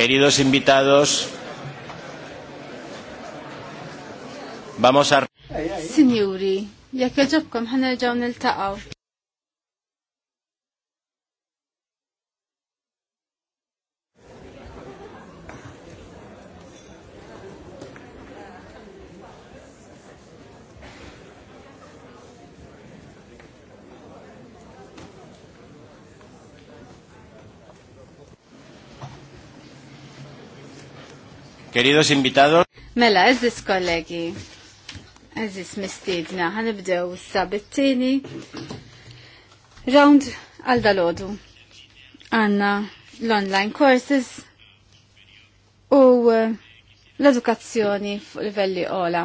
Queridos invitados, vamos a... Signori, jekk ġobkom ħana ġaw nil-taqaw. Queridos invitados. Mela, eżis kollegi. Eżis mistidna. Għanibdew s-sabittini. Round għal dalodu. Għanna l-online courses u eh, l-edukazzjoni fuq livelli ola.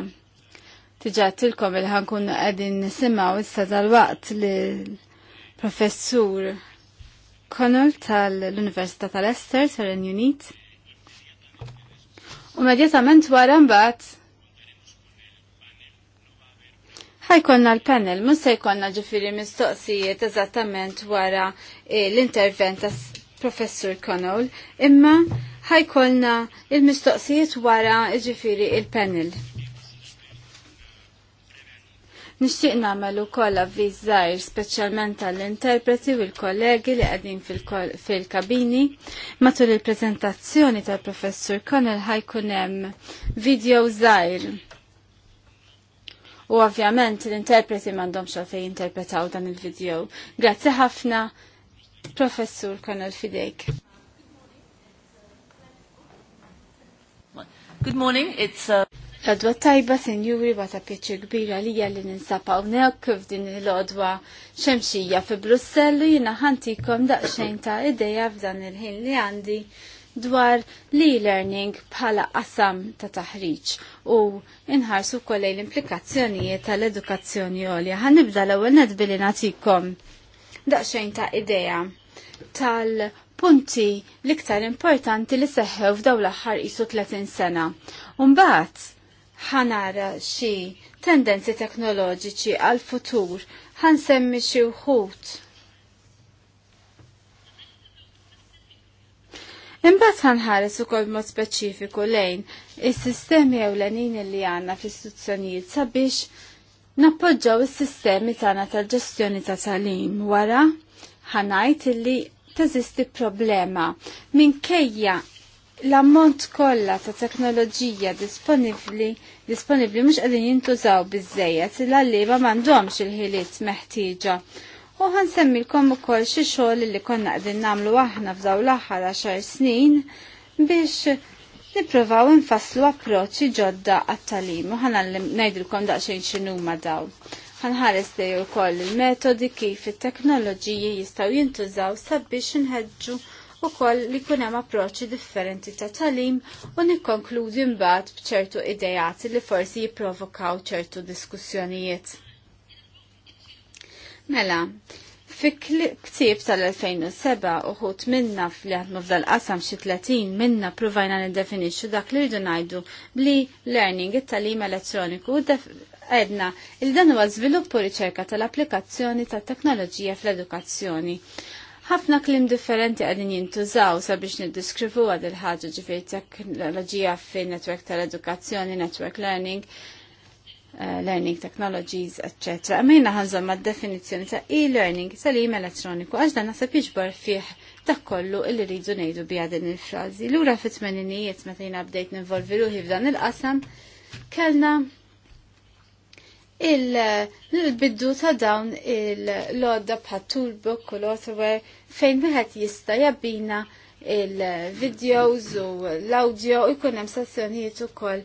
Tiġa il-ħankun għedin nisimaw issa dal-waqt li professur Connell tal-Università tal-Ester, Serenjunit. Unit. U medjatament wara mbagħad ħajkonna l-panel, mus se ġifiri mistoqsijiet eżattament wara eh, l-intervent tas professur Connell, imma ħajkonna il-mistoqsijiet wara ġifiri il-panel. Nixtieq nagħmel ukoll avviż żgħir speċjalment għall-interpreti u l-kollegi li qegħdin fil-kabini. Matul il-preżentazzjoni tal-Professur Connell ħajkun hemm video żgħir. U ovvjament l-interpreti m'għandhomx għalfejn jinterpretaw dan il-video. Grazzi ħafna, Professur Connell Fidejk. Good morning, it's uh... L-odwa tajba senjuri bata pieċi kbira li li ninsapaw nek din l-odwa xemxija fi Brussellu jina ħantikom daqxejn ta' ideja f'dan il-ħin li għandi dwar l-e-learning bħala qasam ta' taħriġ u inħarsu kollej l-implikazzjonijiet tal-edukazzjoni għolja. Ħanibda l-ewwel net billi natikom daqxejn ta' ideja tal-punti l-iktar importanti li seħħew f'daw l-aħħar isu 30 sena. Umbagħad ħanara xi tendenzi teknoloġiċi għal-futur ħansemmi xi wħud. Imbagħad ħanħares ukoll mod speċifiku lejn is-sistemi ewlenin li għandna fl-istituzzjonijiet sabiex nappoġġaw is-sistemi tagħna tal-ġestjoni ta' salim wara ħanajt illi teżisti problema minkejja l-ammont kollha ta' teknoloġija disponibbli disponibbli mhux qegħdin jintużaw biżejjed il-għallieba m'għandhomx il-ħiliet meħtieġa. U ħansemmilkom ukoll xi xogħol li konna qegħdin nagħmlu aħna f'daw l-aħħar għaxar snin biex nippruvaw infasslu approċċi ġodda għat-talim u ħanallim ngħidilkom daqsxejn x'inhuma daw ħanħares dejju wkoll il-metodi kif it-teknoloġiji jistgħu jintużaw sabiex inħeġġu u koll li kunem approċċi differenti ta' talim u nikkonkludi mbagħad bċertu idejat li forsi jipprovokaw ċertu diskussjonijiet. Mela, fi ktib tal-2007 uħut minna fl-ħadmu f'dal-qasam xi 30 minna provajna niddefinixxu dak li rridu ngħidu li learning it-talim elettroniku għedna il dan huwa żvilupp u riċerka tal-applikazzjoni tat-teknoloġija fl-edukazzjoni ħafna klim differenti għadin jintużaw sabiex niddiskrivu għad il-ħagġa ġifiri teknoloġija fi network tal-edukazzjoni, network learning, eh, learning technologies, etc. Għamina ħanżom ma' definizjoni ta' e-learning tal-im elettroniku għax dan nasab jiġbor fih dak kollu li rridu nejdu bi din il-frazi. L-ura fit-tmeninijiet meta jina bdejt ninvolvi ruħi f'dan il-qasam, kellna il-biddu ta' dawn il-lodda bħat toolbook u l-authorware fejn meħet jista jabbina il-videos u l-audio u jkun hemm sessjonijiet ukoll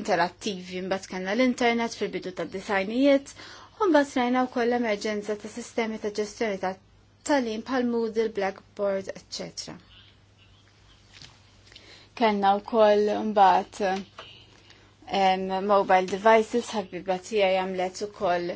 interattivi mbagħad kellna l-internet fil-bidu ta' designijiet u mbagħad rajna wkoll emerġenza ta' sistemi ta' ġestjoni ta' talim pal Moodle, Blackboard, etc. Kellna wkoll mbagħad um, mobile devices ħabiba tiegħi u ukoll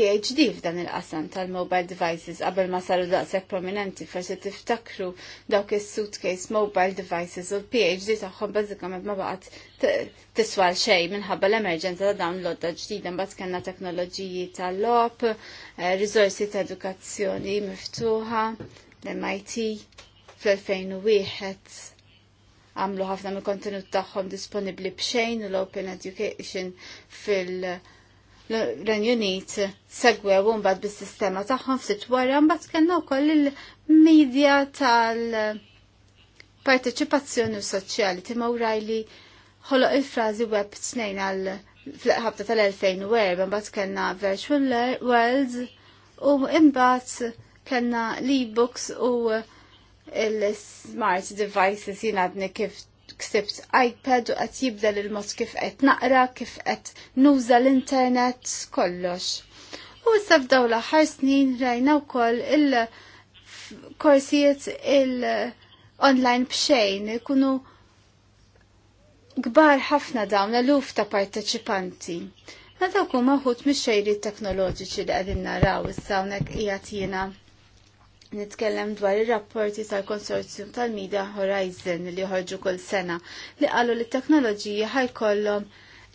PhD f'dan il-qasam tal-mobile devices qabel ma saru daqshekk prominenti forsi tiftakru dawk is-suitcase mobile devices u l-PhD tagħhom bażikament ma baqgħet l xejn minħabba l-emerġenza ta' dawn l-odda ġdida mbagħad kellna teknoloġiji tal-lop, eh, riżorsi ta' edukazzjoni miftuħa, l-MIT fl-2001 għamlu ħafna mill kontenut tagħhom disponibbli b'xejn u l-Open Education fil- Unit segwew un bad bis-sistema tagħhom ftit wara mbagħad kellna wkoll il-medja tal-parteċipazzjoni soċjali timgħu li ħoloq il-frażi web snejn għal fl-ħabta tal-2004 mbagħad kellna virtual worlds u imbagħad kellna l books u il-smart devices jinadni kif ksibt iPad u għat jibdel il-mod kif qed naqra, kif qed nuża l-internet, kollox. U issa f'daw l-aħħar snin rajna wkoll il-korsijiet il-online bxejn ikunu gbar ħafna dawn l uf ta' parteċipanti. Meta maħut mix-xejri teknoloġiċi li qegħdin naraw s-sawnek qiegħed jiena nitkellem dwar ir-rapporti tal-Konsorzjum tal-Media Horizon li ħorġu kull sena li qalu li t-teknoloġija ħajkollhom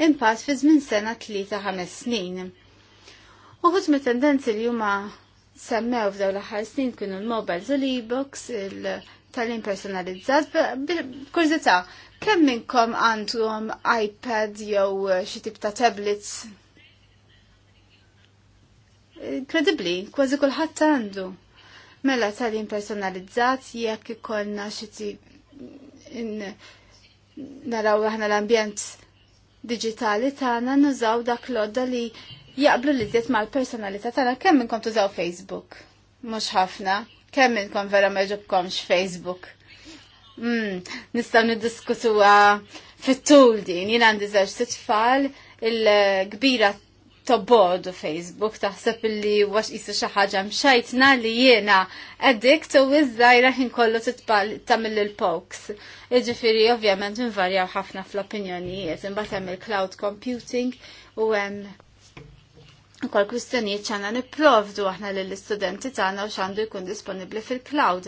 impatt fi żmien sena tlieta ħames snin. Uħud me tendenzi li huma semmew f'dawn l-aħħar snin kienu l-mobiles u l-e-books, il-talim personalizzat, b'kurzità, kemm minnkom għandhom iPad jew xi tip ta' tablets? Kredibli, kważi kulħadd għandu mela tal-im personalizzat jekk ikollna xi naraw aħna l-ambjent digitali tagħna nużaw dak l-odda li jaqblu li ma mal-personalità tagħna kemm inkom tużaw Facebook. Mhux ħafna, kemm inkom vera ma jġobkomx Facebook. Mm, nistgħu niddiskutuha fit-tul din, jien għandi żewġ tfal il-kbira tobodu Facebook taħseb li wax jisa xaħġa mxajtna li jena addict u iż-żajra kollu titbal tamil il-pokes. Iġifiri ovvjament nvarjaw ħafna fl-opinjonijiet, imbagħad hemm il-cloud computing u hemm kol kwistjonijiet ċana niprovdu aħna l-istudenti tagħna u xandu jkun disponibli fil-cloud.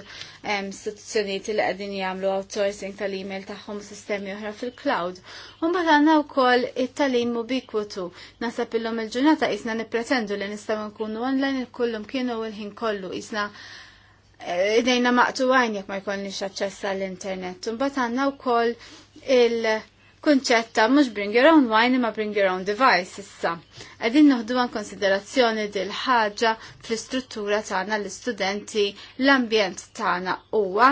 Istituzzjonijiet li qegħdin jagħmlu outsourcing tal-email tagħhom sistemi oħra fil-cloud. Mbagħad għandna wkoll it-talim ubiquitu. Nasab illum il-ġurnata isna nippretendu li nistgħu nkunu online il-kullum kienu u l-ħin kollu isna eh, idejna maqtu għajn jekk ma jkollniex aċċess għall-internet. Mbagħad għandna wkoll il- kunċetta mux bring your own wine imma bring your own device issa. Għedin nuhdu għan konsiderazzjoni dil ħaġa fl-istruttura tagħna l-istudenti l-ambjent tagħna huwa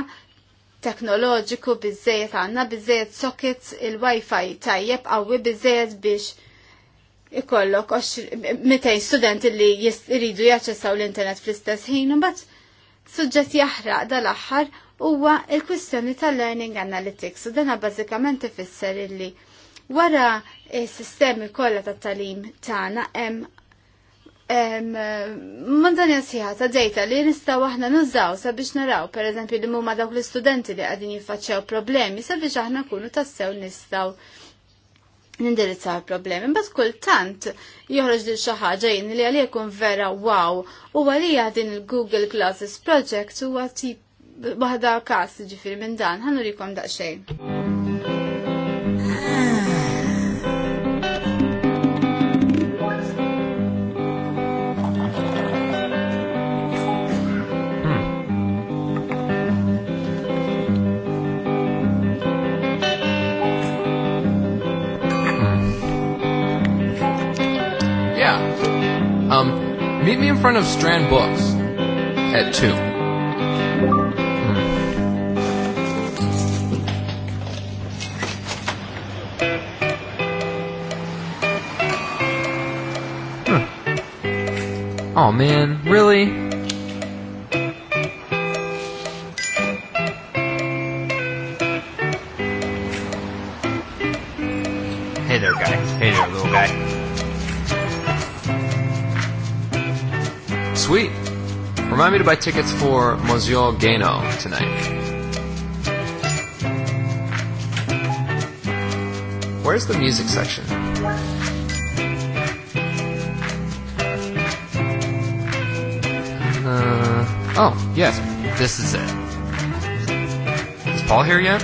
teknoloġiku bizzejet għandna bizzejet sockets il-wifi tajjeb qawwi bizzejet biex ikollok 200 studenti li jiridu jaċċessaw l-internet fl-istess ħin, mbagħad suġġet jaħraq dal-aħħar huwa il-kwistjoni tal-learning analytics u dana bażikament ifisser illi wara s-sistemi kollha tat-talim tagħna hemm eh, Mandanja sħiħa ta' data li nistaw aħna nużaw sabiex naraw, per eżempju, li mumma dawk l-istudenti li għadin jiffaċċew problemi, sabiex aħna kunu tassew nistaw nindirizzaw problemi. Mbagħad kultant joħroġ dil xi ħaġa jien li għalie kun vera wow u għalie din il-Google Classes Project huwa tip Bħada kas ġifir minn dan, ħanurikom daqxej. Hmm. Yeah. Um, meet me in front of Strand Books at 2. Oh man, really? Hey there, guy. Hey there, little guy. Sweet. Remind me to buy tickets for Monsieur Gano tonight. Where's the music section? Oh, yes, this is it. Is Paul here yet?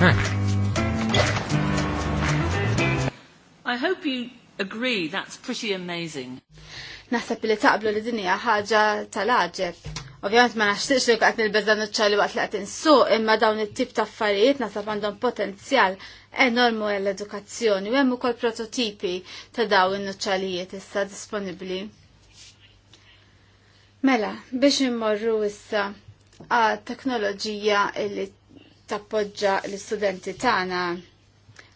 Huh. Hmm. I hope you agree that's pretty amazing. Naħseb li taqblu li dinija ħaġa tal-aġeb. Ovvijament ma naxtiqx li qed nilbeżan iċċali waqt li qed insuq, imma dawn it-tip ta' affarijiet naħseb għandhom potenzjal enormu għall-edukazzjoni u għemmu kol prototipi ta' dawn in-nuċċalijiet issa disponibbli. Mela, biex immorru issa għal teknoloġija li tappoġġa l-istudenti tagħna.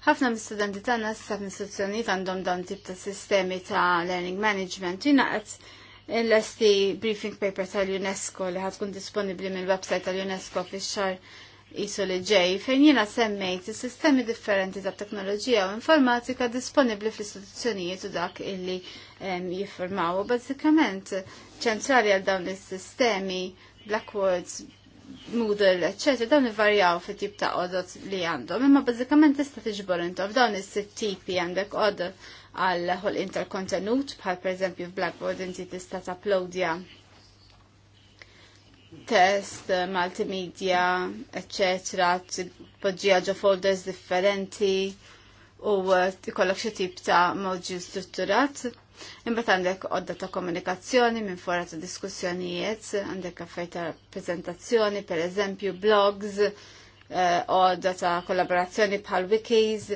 Ħafna mis-studenti tagħna issa f'istituzzjonijiet għandhom dawn tip ta' sistemi ta' learning management jingħaqad il-lesti briefing paper tal-UNESCO li ħadkun disponibli mill-website tal-UNESCO fix-xar isu li ġej fejn jiena semmejt is-sistemi differenti ta' teknoloġija u informatika disponibbli fl-istituzzjonijiet u dak illi jiffurmaw. Bażikament ċentrali għal dawn is-sistemi Blackwords, Moodle, eccetera, dawn varjaw fit tip ta' odot li għandhom, imma bażikament tista' tiġbor intom f'dawn is-sitt tipi għandek odot għal ħol interkontenut, bħal pereżempju f'Blackboard inti tista' tapplodja test, eh, multimedia, eccetera, poġġija ġo folders differenti u eh, t-kollok xie tip ta' moġi strutturat. Imbat għandek odda ta' komunikazzjoni minn fora ta' diskussjonijiet, għandek kaffej ta' prezentazzjoni, per eżempju, blogs, eh, odda ta' kollaborazzjoni bħal wikis,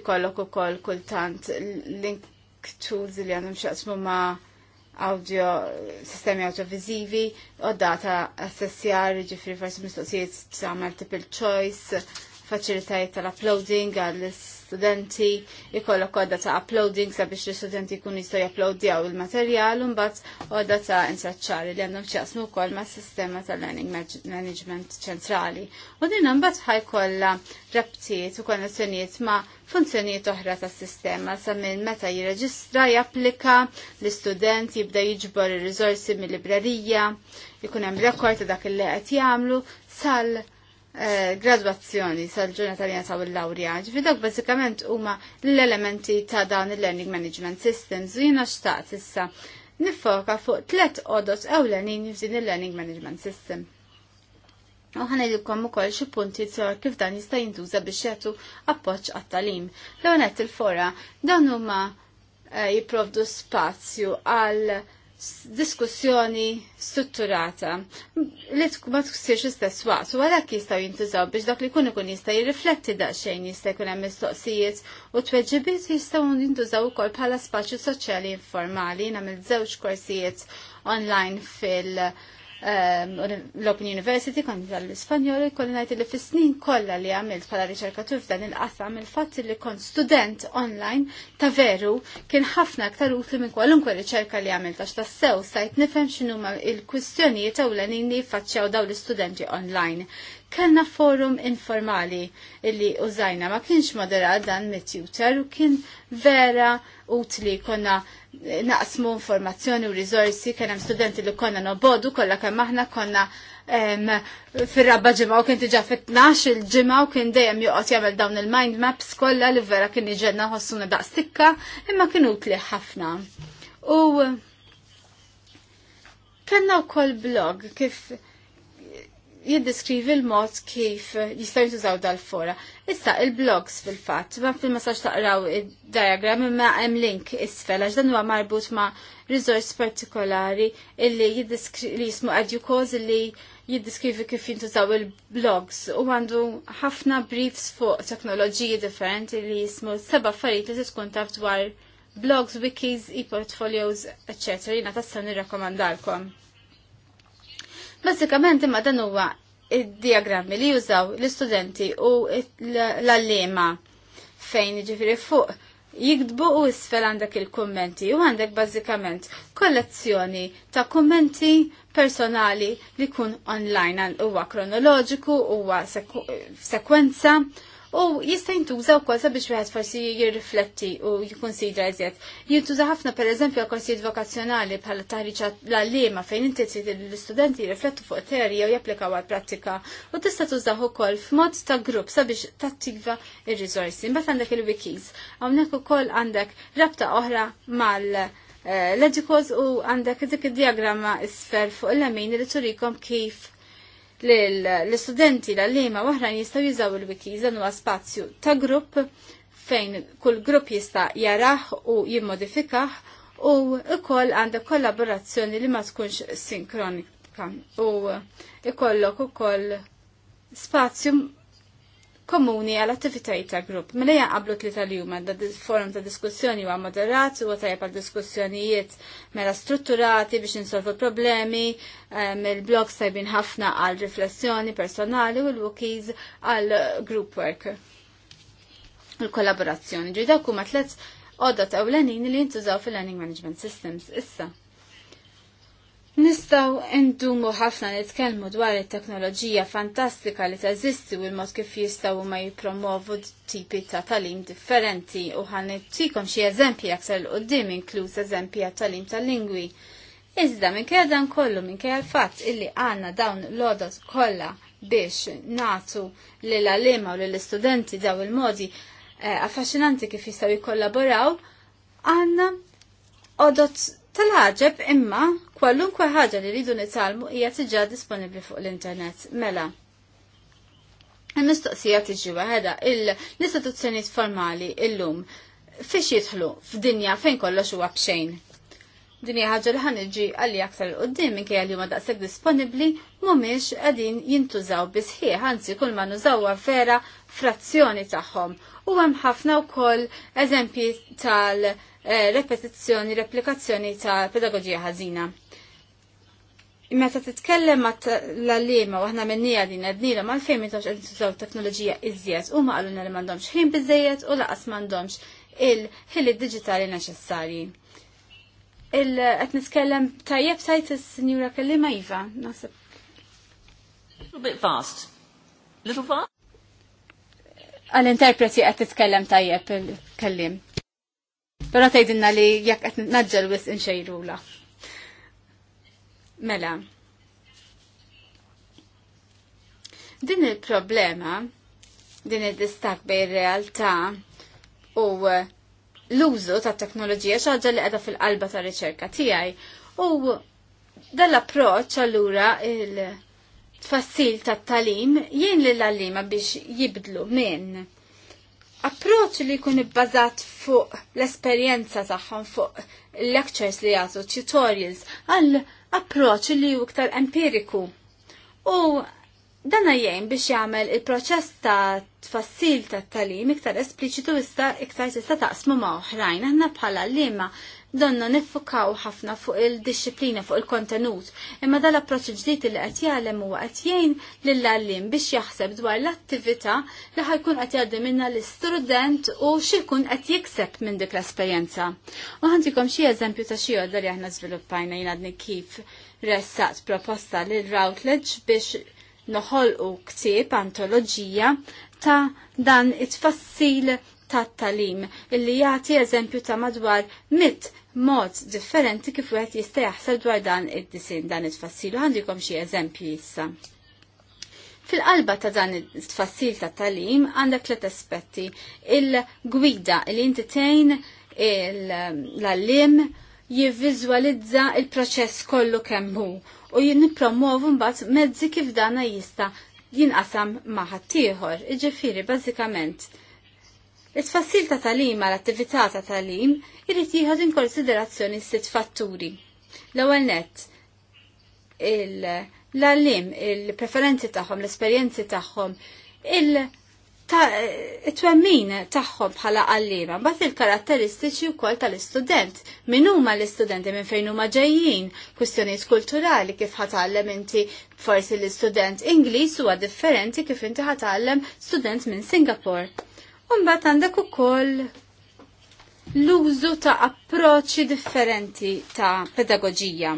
ikollok u koll kultant link tools li għandhom xaqsmu ma' audio, sistemi audiovizivi, o data assessjar, ġifri farsi mistoqsijiet samar tip choice facilitajiet tal-uploading għal studenti ikollok għadda ta' uploading sabiex li studenti kun jistaw japplowdjaw il-materjal un bat għadda ta' intraċċari li għandhom ċasmu kol ma' sistema ta' learning management ċentrali. U din bat kolla rabtiet u konnessjoniet ma' funzjoniet oħra ta' sistema sa' minn meta jirreġistra japplika l student jibda jiġbor ir rizorsi mill-librerija, jikun hemm rekord ta' dak li qed jagħmlu sal Eh, graduazzjoni sal-ġurnata li jasaw il lawrija Ġifi dawk basikament huma l-elementi ta' dawn il-learning management systems u jina xtaqt issa nifoka fuq tlet qodot ewlenin f'din il-learning management system. U ħanajdukom u koll xie punti t-sor kif dan jista' jinduża biex jatu appoġġ għat-talim. L-għonet il-fora, dan huma eh, jipprovdu spazju għal diskussjoni strutturata li ma tkussirx istess waqt u għalhekk jistgħu jintużaw biex dak li jkun ikun jista' jirrifletti daqsxejn jista' jkun hemm mistoqsijiet u tweġibiet jistgħu jintużaw ukoll bħala spaċju soċjali informali nagħmel żewġ korsijiet online fil- Ehm, l-Open University kon tal-Ispanjol kolli ngħid li fis-snin kollha li għamilt bħala riċerkatur f'dan il-qasam il fat li kon student online ta' veru kien ħafna aktar utli minn kwalunkwe riċerka li għamilt għax sajt nifem nifhem x'inhuma il-kwistjonijiet l li faċċaw dawn l-istudenti online kellna forum informali illi użajna ma kienx moderat dan mit-tutor u kien vera utli konna naqsmu informazzjoni u rizorsi kien hemm studenti li konna nobodu kollha kemm aħna konna fir-rabba ġimgħa u kien tiġa fit-12 il-ġimgħa u kien dejjem joqgħod jagħmel dawn il-mind maps kollha li vera kien iġenna ħossuna daq stikka imma kien utli ħafna. U kellna wkoll blog kif jiddiskrivi l-mod kif jistaw jintużaw dal-fora. Issa, il-blogs fil-fat, ma fil-massaġ taqraw il-diagram imma hemm link isfel, għax dan huwa marbut ma' resource partikolari illi li jismu educause illi jiddiskrivi kif jintużaw il-blogs u għandu ħafna briefs fuq teknoloġiji differenti li jismu seba' affarijiet li tkun taf dwar blogs, wikis, e-portfolios, eccetera. Jina tassan nirrakkomandalkom. Basikament imma dan huwa id-diagrammi li jużaw l-istudenti u l allema fejn ġifiri fuq jikdbu u isfel għandek il-kommenti u għandek bazzikament kollezzjoni ta' kommenti personali li kun online huwa kronoloġiku huwa sekwenza u jista' jintuża wkoll sabiex wieħed forsi jirrifletti u jikkunsidra eżjed. Jintuża ħafna pereżempju għal korsijiet vokazzjonali bħala taħriġ l-għalliema fejn inti trid l-istudenti jirriflettu fuq teorija u japplikaw għal prattika u tista' tużaħ ukoll f'mod ta' grupp sabiex tattiva il-rizorsi. Mbagħad għandek il-wikis. Hawnhekk ukoll għandek rabta oħra mal- eh, Leġikoz u għandek dik id-diagramma isfer fuq il-lamin li turikom kif l-studenti l-allima waħrajn jistaw jużaw il-wiki, jizanu huwa spazju ta' grupp fejn kull grupp jista' jaraħ u jimmodifikaħ u ikoll għandek kollaborazzjoni li ma tkunx sinkronika u ikollok ukoll spazju komuni għal attivitajiet ta' grupp. Mela jaqablu tlita li huma da forum ta' diskussjoni huwa moderat u tajjeb għal diskussjonijiet mela strutturati biex insolvu problemi, mill-blog ehm, sajbin ħafna għal riflessjoni personali u l-wookies għal group work. Il-kollaborazzjoni ġi dak huma tliet għodda ta' ewlenin li jintużaw fil-learning management systems issa. Nistaw intumu ħafna nitkellmu dwar it-teknoloġija fantastika li teżisti u l-mod kif jistaw ma jipromovu tipi ta' talim differenti u ħanittikom xie xi eżempji aktar l-qoddim inkluż eżempji ta' talim tal-lingwi. Iżda minn kejja dan kollu minn kejja l-fatt illi għandna dawn l-odot kollha biex natu l għalima u lill-istudenti daw il-modi eh, affaxxinanti kif jistgħu jikkollaboraw għandna odot tal ħagġeb imma kwalunkwe ħaġa li rridu nitalmu hija tiġa disponibbli fuq l-internet. Mela, il-mistoqsija tiġi waħda l-istituzzjonijiet formali illum fiex jidħlu f'dinja fejn kollox huwa bxejn. Dinja ħaġa li ħan iġi għalli aktar l-qoddim minn kajja li huma daqshekk disponibbli mhumiex qegħdin jintużaw bisħieħ, anzi kull ma nużawha vera frazzjoni tagħhom. U hemm ħafna wkoll eżempi tal- Eh, repetizzjoni, replikazzjoni ta' pedagogija ħażina. Meta titkellem ma l-allima għahna minnija din għadnila ma l-fejn mintox għedin teknoloġija iżjed u ma għalluna li mandomx ħin bizzejiet u laqas mandomx il-ħili digitali neċessari. Il-għet nitkellem tajjeb tajt il-sinjura ma' jiva, nasib. Little bit fast. Little fast? Għal-interpreti għet titkellem tajjeb il-kellim. Pero tgħidilna li jekk qed naġġel wis inxejrula. Mela. Din il-problema, din id-distak bejn realtà u uh, l-użu ta' teknoloġija xaġa li qiegħda fil-qalba ta' riċerka tiegħi. U dal-approċċ allura il-tfassil tat-talim jien li l biex jibdlu minn approċ li jkun ibbażat fuq l-esperjenza tagħhom fuq lectures li jagħtu tutorials għal approċ li hu iktar empiriku. U dan jgħin biex jagħmel il-proċess ta' tfassil ta' talim iktar espliċitu issa iktar tista' taqsmu ma' oħrajn aħna bħala liema donna niffukaw ħafna fuq il-disciplina, fuq il-kontenut, imma dal-approċ ġdid li qed jagħlem huwa qed jgħin lill-għallim biex jaħseb dwar l-attività li ħajkun qed jgħaddi minnha l-istudent u x'ikun qed jikseb minn dik l-esperjenza. U ħantikom xi eżempju ta' xi li aħna żviluppajna jingħadni kif ressaqt proposta lil Routledge biex noħolqu ktieb antoloġija ta' dan it-tfassil tat-talim illi jagħti eżempju ta' madwar mit mod differenti kif wieħed jista' jaħseb dwar dan id-disin dan it-tfassilu għandikom xi eżempji issa. Fil-qalba ta' dan it-tfassil ta' talim għandek tliet aspetti. Il-gwida li il inti tgħin l-allim jivviżwalizza il-proċess kollu kemm hu u jinnipromovu mbagħad mezzi kif dana jista' jinqasam ma' ħaddieħor. Iġifieri bażikament It-tfassil ta' talim għal attività ta' talim irrid jieħod in konsiderazzjoni sitt fatturi. L-ewwel nett l-għallim, il-preferenzi tagħhom, l-esperjenzi tagħhom, il- it-twemmin tagħhom bħala għallima, bat il-karatteristiċi u kol tal-istudent. Min huma l-istudenti, minn fejn huma ġejjin, kwistjonijiet kulturali kif ħatallem inti forsi l-istudent Ingliż huwa differenti kif inti ħatallem student minn Singapore. Umbat għandek ukoll l-użu ta' approċċi differenti ta' pedagogija.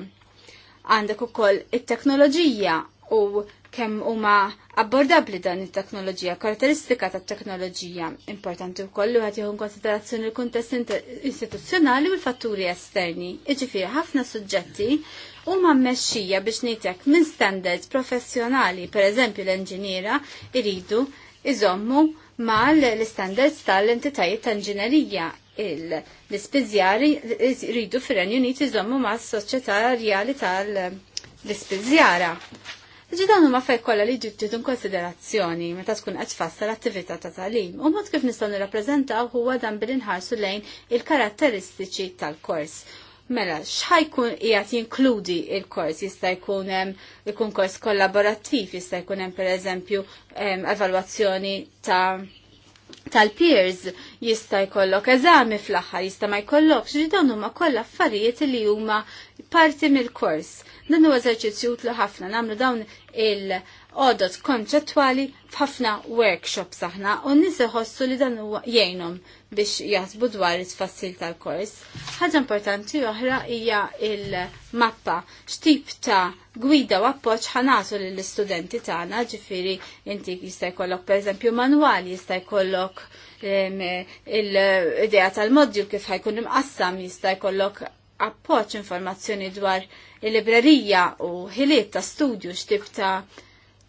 Għandek ukoll it-teknoloġija u kemm huma abbordabli dan it-teknoloġija, karatteristika tat teknoloġija importanti wkoll u għat jieħu konsiderazzjoni l-kuntest istituzzjonali u l-fatturi esterni. Jiġifieri ħafna suġġetti huma mmexxija biex nitek minn standards professjonali, pereżempju l-inġiniera, iridu iżommu mal l-standards tal-entitajiet tal-ġenerija l-ispizjari rridu fir-Renju Uniti zommu ma' s-soċjetà reali tal-ispizjara. Ġidan huma fej kollha li ġittiet konsiderazzjoni meta tkun qed l attività ta' talim u mod kif nistgħu nirrappreżentaw huwa dan bil-inħarsu lejn il-karatteristiċi tal-kors Mela, xħajkun jgħat jinkludi il-kors, jista' jkun ikun kors kollaborattiv, jista' jkun hemm pereżempju evalwazzjoni ta' tal-peers jista' jkollok eżami fl-aħħar, jista' ma jkollokx, li dawn huma kollha affarijiet li huma parti mill-kors. Dan huwa eżerċizzju utlu ħafna nagħmlu dawn il- għodot konċettwali f'ħafna workshops aħna u nisiħossu li dan huwa jgħinhom biex jasbu dwar it-tfassil tal-kors. Ħaġa importanti oħra hija il-mappa x'tip ta' gwida u appoġġ ħanatu lill-istudenti tagħna, ġifieri inti jista' jkollok pereżempju manwali, jista' jkollok il-idea tal modju kif ħajkun imqassam, jista' jkollok appoġġ informazzjoni dwar il-librerija u ħiliet ta' studju x'tip ta'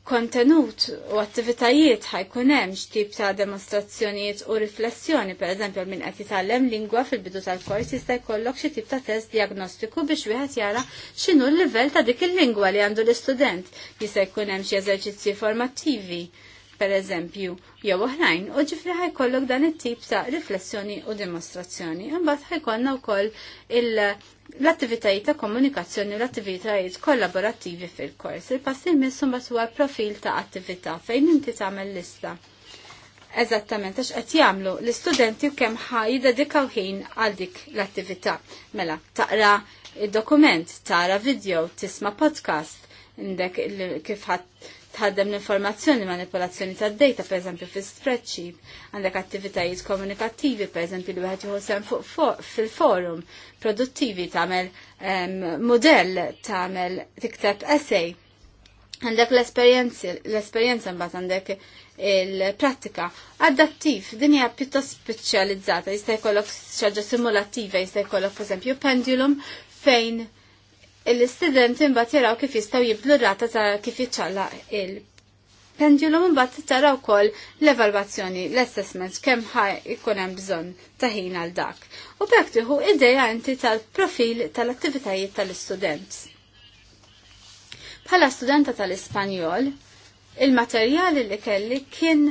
kontenut u attivitajiet ħajkun hemm x'tip ta' demonstrazzjonijiet u riflessjoni, pereżempju minn qed jitgħallem lingwa fil-bidu tal-kors jista' jkollok xi tip ta' test diagnostiku biex wieħed jara x'inhu l-livell ta' dik il-lingwa li għandu l-istudent. Jista' jkun hemm xi eżerċizzji formattivi per eżempju, jew oħrajn, u ġifri ħajkollok dan it-tip ta' riflessjoni u dimostrazzjoni. Imbagħad ħajkollna wkoll l-attivitajiet ta' komunikazzjoni u l-attivitajiet kollaborattivi fil-kors. Il-pass il-miss mbagħad huwa profil ta' attività fejn inti tagħmel lista. Eżattament għax qed jagħmlu l-istudenti kemm ħajdedikaw ħin għal dik l-attività. Mela, taqra id-dokument, tara video, tisma' podcast, indek kif ħadd tħaddem l-informazzjoni manipolazzjoni ta' data per eżempju fi spreadsheet, għandek attivitajiet komunikattivi per eżempju li wieħed jħossem fil-forum produttivi tagħmel ehm, modell tagħmel tiktab essay. Għandek l-esperjenza mbagħad għandek il-prattika adattiv, din hija pjuttost speċjalizzata, jista' jkollok xaġa simulattiva, jista' jkollok per pendulum fejn l-istudent imbagħad jaraw kif jistgħu jibdlu rata ta' kif jitxalla il-pendulum imbagħad taraw ukoll l-evalwazzjoni, l-assessment kemm ħaj ikun hemm bżonn ta' ħin għal dak. U bekk tieħu idea inti tal-profil tal-attivitajiet tal-istudent. Bħala studenta tal-Ispanjol, il-materjali li kelli kien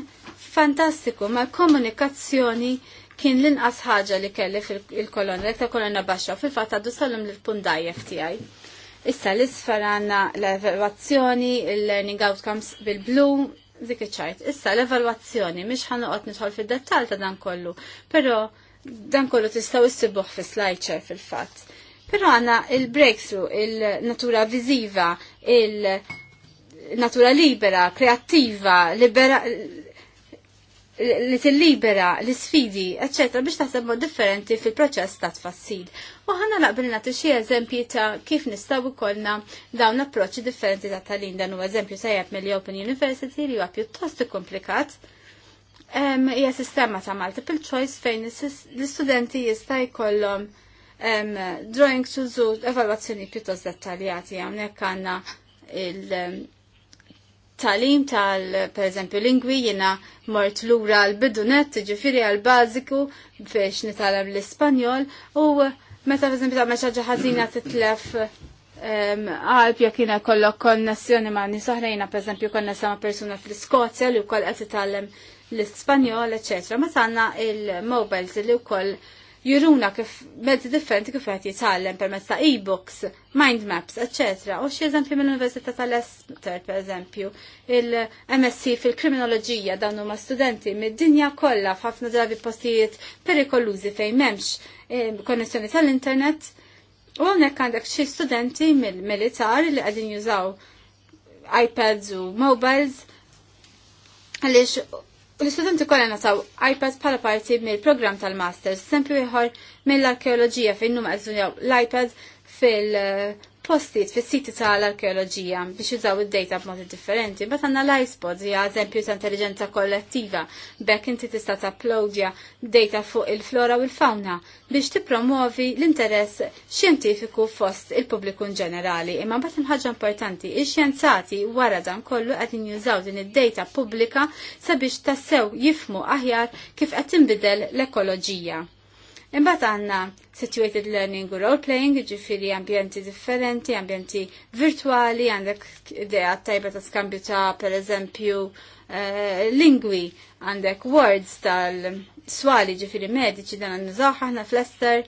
fantastiku ma' komunikazzjoni kien l-inqas ħaġa li kelli fil-kolonna, l kolonna baxxa, fil-fat għaddu sal-lum l-pundajjef tijaj. Issa l-isfar għanna l-evaluazzjoni, il-learning outcomes bil-blue, dik iċajt. Issa l-evaluazzjoni, mish għot nidħol fil-dettal ta' dan kollu, pero dan kollu tistaw s-sibuħ fi slajċe fil-fat. Pero għanna il-breakthrough, il-natura viziva, il-natura libera, kreativa, libera, li tillibera l-sfidi, eccetera, biex taħseb mod differenti fil-proċess ta' tfassil. U ħanna laqbilna nagħti xi eżempji ta' kif nistgħu kolna dawn approċċi differenti ta' talin dan huwa eżempju sejjed mill-Open University li huwa pjuttost komplikat. Hija sistema ta' multiple choice fejn l-istudenti jista' jkollhom drawing to zoo evalwazzjoni pjuttost dettaljati hawnhekk għandna il- talim tal per eżempju lingwi jina mort lura l-bidunet ġifiri għal-baziku biex nitalem l-Ispanjol u meta per eżempju ta' meċaġa ħazina titlef għalb jek jina kollok konnessjoni ma' nies per eżempju konnessa ma' persuna fl-Skozja li u koll għet l-Ispanjol, ecc. Ma' tagħna il-mobiles li u koll juruna kif mezzi differenti kif qed jitgħallem permezz ta' e-books, mind maps, etc. U xi eżempju mill-Università tal per pereżempju, il-MSc fil-kriminoloġija dawn huma studenti mid-dinja kollha f'ħafna drabi postijiet perikolużi fejn m'hemmx eh, konnessjoni tal-internet. U hawnhekk għandek xi studenti mill-militar li qegħdin jużaw iPads u mobiles għaliex U l-istudenti kollha nataw iPad bħala parti mill-programm tal-Masters, sempju ieħor mill-arkeoloġija fejn huma l-iPad fil- postit fis siti tal-arkeoloġija biex jużaw id-data b'mod differenti, bat għanna l-iSpod hija eżempju ta' intelligenza kollettiva bekk inti tista' tapplodja data fuq il-flora u l-fauna biex tippromuovi l-interess xjentifiku fost il-pubbliku in ġenerali. Imma bat ħaġa importanti, il xjenzati wara dan kollu għadin jużaw din id-data pubblika sabiex tassew jifmu aħjar kif qed tinbidel l-ekoloġija. Imbagħad għandna situated learning u role playing, ġifieri ambjenti differenti, ambjenti virtuali, għandek idea tajba ta' skambju ta' pereżempju uh, eh, lingwi, għandek words tal-swali ġifieri mediċi dan għannużaw ħafna fl-ester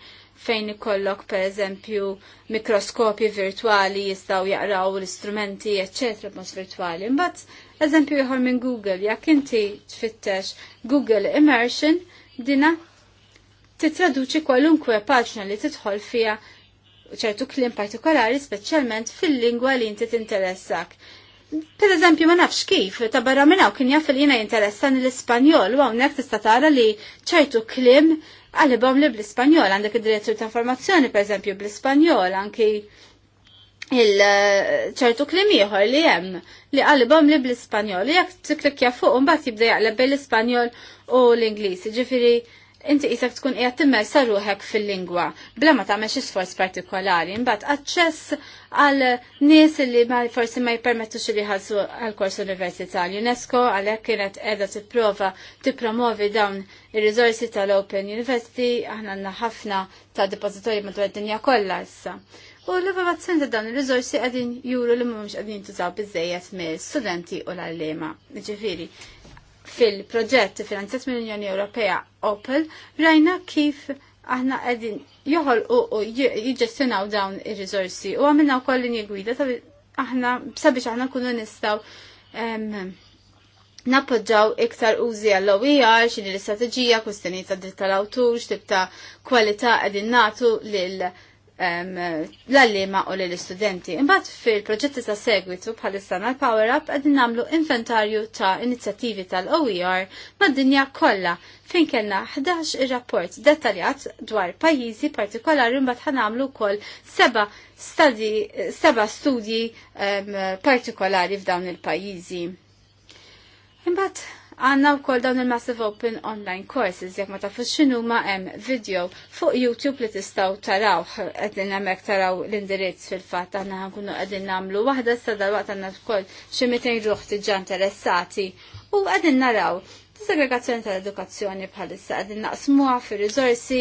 fejn ikollok per eżempju mikroskopi virtuali jistaw jaqraw l-istrumenti, eccetera, b'mod virtuali. Imbagħad eżempju ieħor minn Google, jekk inti tfittex Google Immersion, dina titraduċi kwalunkwe paġna li tidħol fija ċertu klim partikolari speċjalment fil-lingwa li inti tinteressak. Per eżempju, ma nafx kif, ta' barra minna u kien jaff jina jinteressan l-Ispanjol, u għawnek tista tara li ċertu klim għalibom li bl-Ispanjol, għandek id-direttur ta' formazzjoni, per eżempju, bl-Ispanjol, anki il-ċertu eh, klim ieħor li hemm li għalibom li bl-Ispanjol, jekk klikja fuq, mbagħad jibda jaqleb bil-Ispanjol u l-Ingliż. ġifiri, inti jisak tkun qiegħed timmersa saruħek fil-lingwa bla ma tagħmel xi sforz partikolari, mbat aċċess għal nies li ma forsi ma jippermettux li jħallsu għal kors universitari. UNESCO għalhekk kienet qiegħda tipprova tippromovi dawn ir rizorsi tal-Open University, aħna għandna ħafna ta' depozitori madwar id-dinja kollha issa. U l-evalvazzjoni ta' dawn ir rizorsi qegħdin juru li mhumiex qegħdin tużaw biżejjed mill-studenti u l-allema. Ġifieri, fil-proġett finanzjat mill-Unjoni Ewropea Opel rajna kif aħna qegħdin joħolqu u jġestjonaw dawn ir rizorsi u għamilna wkoll linji gwida aħna sabiex aħna nkunu nistgħu nappoġġaw iktar użi għall OER, xini l-istrateġija, kustenijiet ta' dritt tal-awtur, xtib ta' kwalità qegħdin nagħtu lil l-allima u l-istudenti. Imbat fil-proġetti ta' segwitu bħalissa mal Power Up għadin namlu inventarju ta' inizjattivi tal-OER mad-dinja kollha fejn kellna 11 ir-rapport dettaljat dwar pajjiżi partikolari mbagħad namlu wkoll seba' studi seba' studji partikolari f'dawn il-pajjiżi. Imbagħad Għanna u koll dawn il-Massive Open Online Courses, jek ma tafux xinu ma hemm video fuq YouTube li tistaw taraw, għedin għamek taraw l-indirizz fil-fat, għanna għankunu għedin għamlu wahda s-sada l-waqt għanna koll interessati u għedin naraw Segregazzjoni tal-edukazzjoni bħalissa għadin naqsmuha fi rizorsi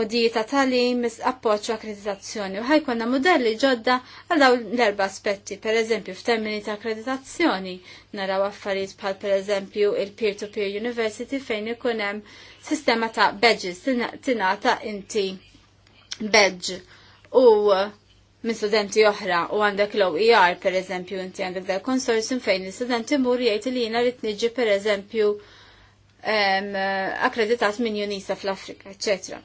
modijiet ta' talim, appoċ u akkreditazzjoni. U ħajkonna modelli ġodda għal dawn l-erba aspetti, per eżempju f'termini ta' akkreditazzjoni, naraw affarijiet bħal per eżempju il-peer-to-peer university fejn ikun hemm sistema ta' badges, tingħata inti badge u minn studenti oħra u għandek l-OER per eżempju inti għandek dal konsorzjum fejn l-studenti mur jgħid li jina rrid niġi per eżempju akkreditat minn Junisa fl-Afrika, eccetera.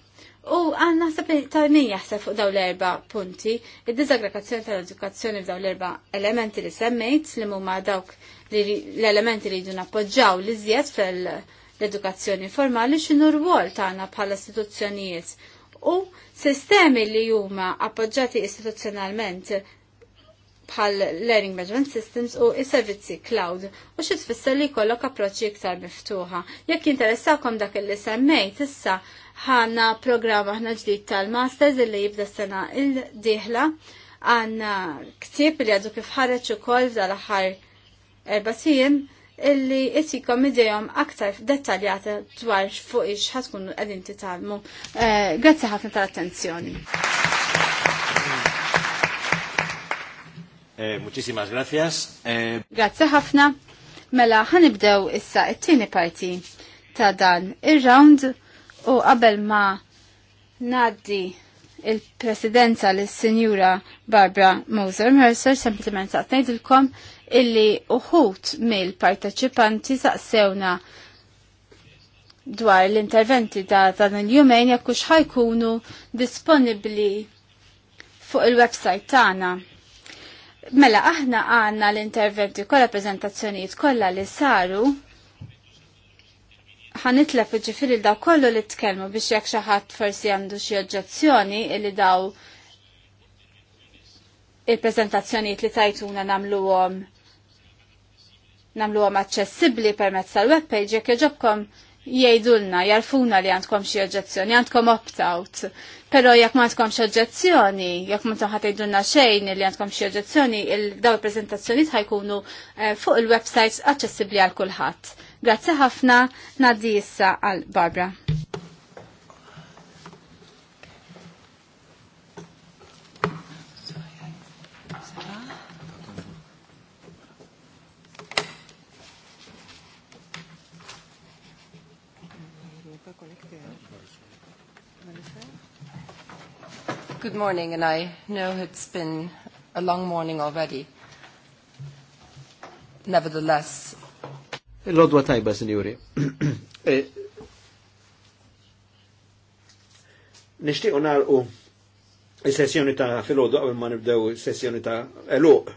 U għanna naħseb ta' min jaħseb fuq daw l-erba punti, id-dizagrakazzjoni tal-edukazzjoni f'daw l-erba elementi li semmejt, li huma dawk l-elementi li jdu nappoġġaw li zjed fl-edukazzjoni formali x'inhu rwol tagħna bħala istituzzjonijiet u sistemi li huma appoġġati istituzzjonalment bħal learning management systems u i-servizzi cloud u xi tfisser li jkollok approċċi iktar miftuħa. Jekk jinteressakom dak li semmejt issa ħanna programm aħna ġdid tal-masters illi jibda sena il-dieħla għandna ktieb li għadu kif ħareġ ukoll f'dal aħħar erba' illi jtikom idejom aktar dettaljata dwar fuq ix ħatkunu għedin titalmu. Eh, grazzi ħafna tal-attenzjoni. Eh, muchísimas gracias. Eh, grazzi ħafna. Mela ħanibdew issa it-tieni parti ta' dan ir-round u qabel ma naddi il-presidenza l-Sinjura Barbara Moser Mercer, ta' tnejdilkom illi uħut mill-parteċipanti saqsewna dwar l-interventi ta' dan il-jumejn jekk hux ħajkunu disponibbli fuq il-website tagħna. Mela aħna għanna l-interventi kolla preżentazzjonijiet kolla li saru ħanitlef ġifiri daw kollu li tkellmu biex jekk xi ħadd forsi għandu xi oġġezzjoni li daw il-prezentazzjonijiet li tajtuna nagħmluhom namluhom aċċessibbli permezz tal-web page jekk jġobkom jgħidulna, jarfuna li għandkom xie oġġezzjoni, għandkom opt-out. Pero jekk ma għandkom xie oġġezzjoni, jekk ma taħat jgħidulna xejn li għandkom xie oġġezzjoni, il-daw prezentazzjoni ħajkunu eh, fuq il-websites accessibli għal kulħadd. Grazzi ħafna, naddi issa għal Barbara. good morning, and I know it's been a long morning already. Nevertheless. Il-lodwa tajba, signori. Eh, nishtiqo narqu il-sessjoni ta' fil-ħodu għabil ma nibdew il-sessjoni ta' eluq.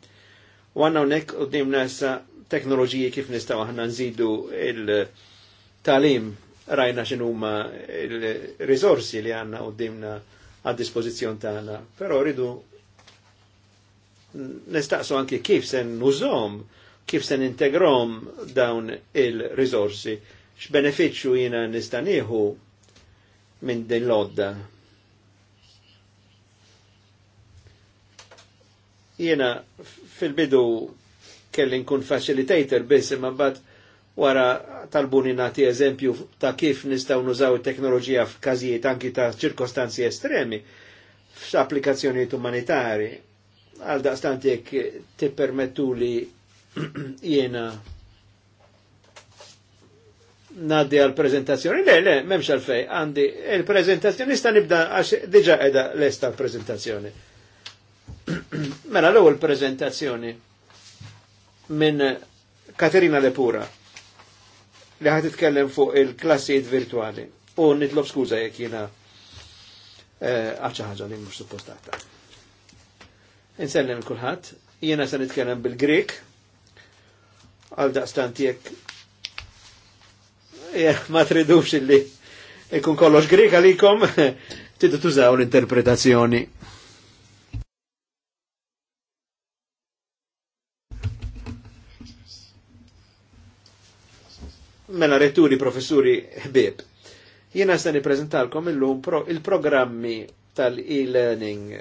U għanna unnek u dimna essa teknoloġiji kif nistaw għanna nżidu il-talim rajna xinu ma' il-rizorsi li għanna u dimna għad dispozizjon tagħna. Però rridu nistaqsu anki kif se nużom, kif se integrom dawn il-risorsi, x'benefiċċju jiena nista' nieħu minn din l-odda. Jiena fil-bidu kelli nkun facilitator biss imma bad wara talbuni nati eżempju ta' kif nistaw nużaw teknoloġija f'każijiet anki ta' ċirkostanzi estremi f'applikazzjonijiet umanitari. Għal daqstant jekk tippermettu li jena naddi għal prezentazzjoni. Le, le, memx għal fej, għandi il-prezentazzjoni nista nibda għax diġa edha l-esta prezentazzjoni. mela l-ewwel prezentazzjoni minn Katerina Lepura li ħat itkellem fuq il-klassijiet virtuali. U nitlob skuża jekk jiena eh, għaxa ħaġa li mhux suppostata. Insellem kulħadd, jiena se nitkellem bil-Grek, għal daqstant jekk ma tridux illi ikun kollox Grek għalikom, tidu tużaw l-interpretazzjoni mela retturi, professuri, ħbib. Jiena se prezentalkom illum pro, il-programmi tal-e-learning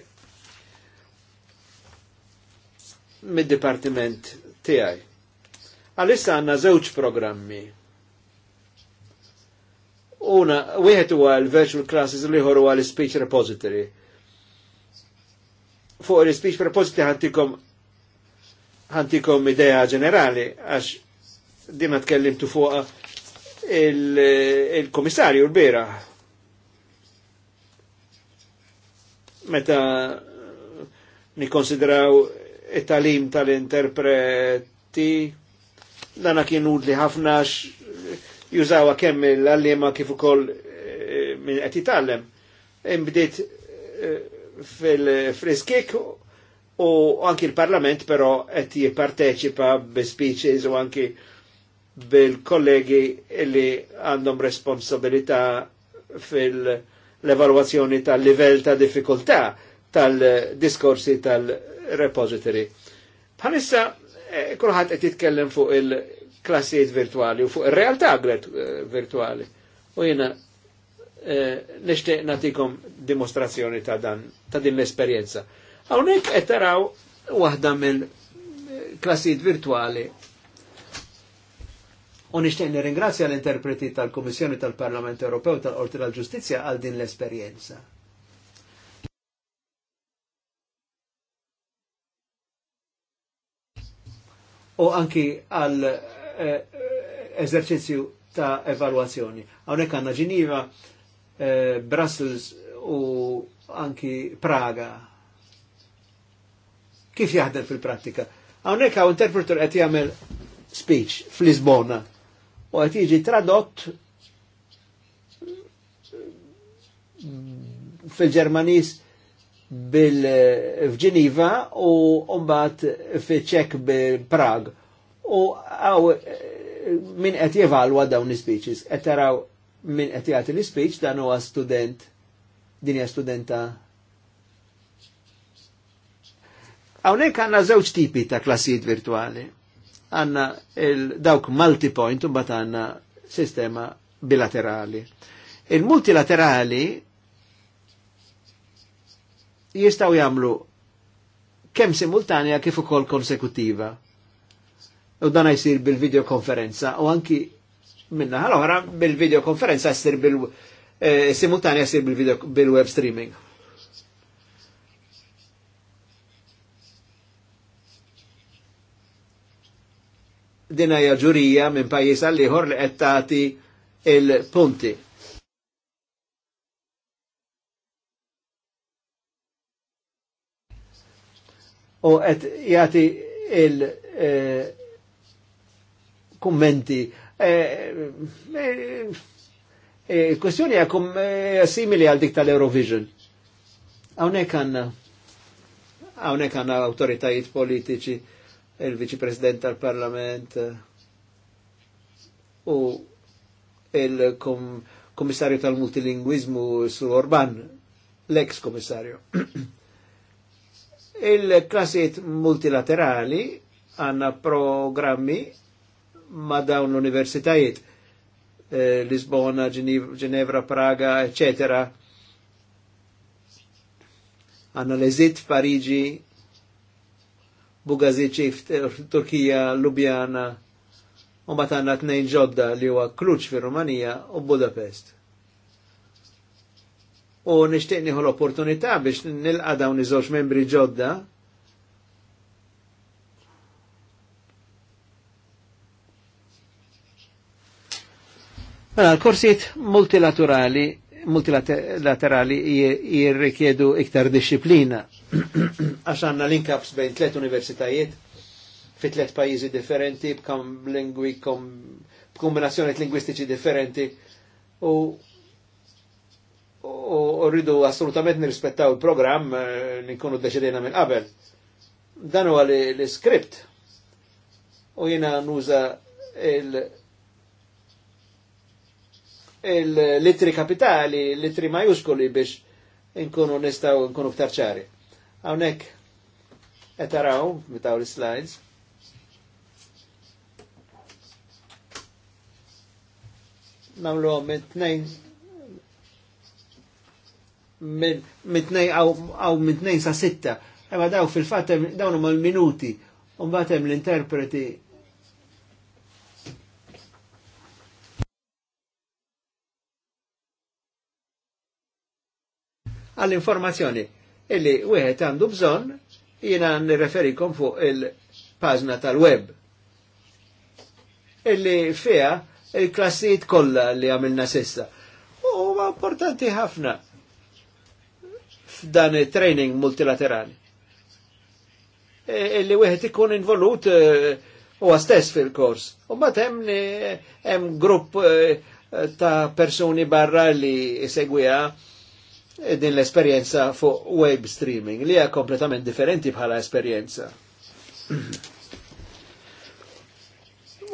mid-dipartiment tiegħi. Għalissa għanna żewġ programmi. Una, wieħed huwa l-virtual classes li ħor huwa l-speech repository. Fuq l-speech repository ħantikom ħantikom idea ġenerali għax dima tkellimtu fuqa il-komissarju il komissarju il l bira Meta nikonsidraw it-talim tal-interpreti, dana kien udli ħafna jużawa kemm l-allima kif ukoll e, eh, minn qed jitgħallem. Imbdiet eh, fil-friskik u anki l-Parlament però qed jipparteċipa bi speeches u anki bil-kollegi li għandhom responsabilità fil-evaluazzjoni tal-livell ta' diffikultà tal-diskorsi tal-repository. Bħalissa eh, qed jitkellem fuq il-klassijiet virtuali u fuq il realtà eh, virtuali. U jena eh, natikom dimostrazzjoni ta' dan ta' din l-esperjenza. Hawnhekk qed taraw waħda mill-klassijiet virtuali U nixtieq nirringrazzja l-interpreti tal-Kummissjoni tal-Parlament Ewropew tal-Qorti tal-Ġustizzja għal din l-esperjenza. U anki għal eh, eh, eżerċizzju ta' evalwazzjoni. Hawnhekk għandna Ġiniva, eh, Brussels u anki Praga. Kif jaħdem fil-prattika? Hawnhekk hawn interpreter qed jagħmel speech fl-Lisbona u għet jiġi tradott fil-Ġermanis bil-Ġeniva u mbagħad fil-Ċek bil-Prag. U għaw min qed jevalwa dawn l-speeches, qed taraw min qed jagħti l-speech dan huwa student din hija studenta. Hawnhekk għandna żewġ tipi ta' klassijiet virtuali għanna dawk multi-point un bat għanna sistema bilaterali. Il-multilaterali jistaw jamlu kem simultanja kif ukoll konsekutiva. U dan jisir bil-videokonferenza u anki minna ħal bil-videokonferenza jisir bil-simultanja eh, jisir bil-web streaming. dina hija ġurija minn pajis għalliħor li għettati il-punti. U qed jati il eh, kommenti Il-kwestjoni eh, eh, għakum simili għal dik tal-Eurovision. Għawnek għanna, għawnek għanna autoritajiet politiċi il-Viċi President tal-Parlament eh, u il-Komissarju tal-Multilingwizmu su Orban, l-ex-Komissarju. Il-klassiet multilaterali għanna programmi ma dawn l-universitajiet, eh, Lisbona, Ginevra, Praga, eccetera. Għanna l-eżit Parigi, Bugazici turkija Ljubljana, u mbagħad t tnejn ġodda li huwa Kluċ fir-Rumanija u Budapest. U nixtieq nieħu l-opportunità biex nilqa' dawn iż membri ġodda Mela, l-korsijiet multilaterali multilaterali jirrikjedu iktar disciplina. Għax għanna l-inkaps bejn tlet universitajiet fi tlet pajizi differenti b'kombinazzjoni lingwistiċi differenti u u rridu assolutament nirrispettaw il-programm li eh, nkunu deċedina minn qabel. Dan huwa l-skript u jiena nuża il- il litri kapitali, l-litri majuskoli biex inkunu nistaw inkunu ktar ċari. Għawnek, etaraw, mitaw l-slides. Namlu għom mitnejn mitnejn għaw mitnejn sa sitta. Ema daw fil fatem dawnu mal minuti un batem l-interpreti għall-informazzjoni illi wieħed għandu bżonn jiena nirreferikom fuq il-pażna tal-web illi fiha il-klassijiet kollha li għamilna sissa. U importanti ħafna f'dan training multilaterali. E, illi wieħed ikun involut e, huwa stess fil-kors. U mbagħad hemm hemm grupp e, ta' persuni barra li segwija din l-esperienza fuq web streaming li hija kompletament differenti bħala esperienza.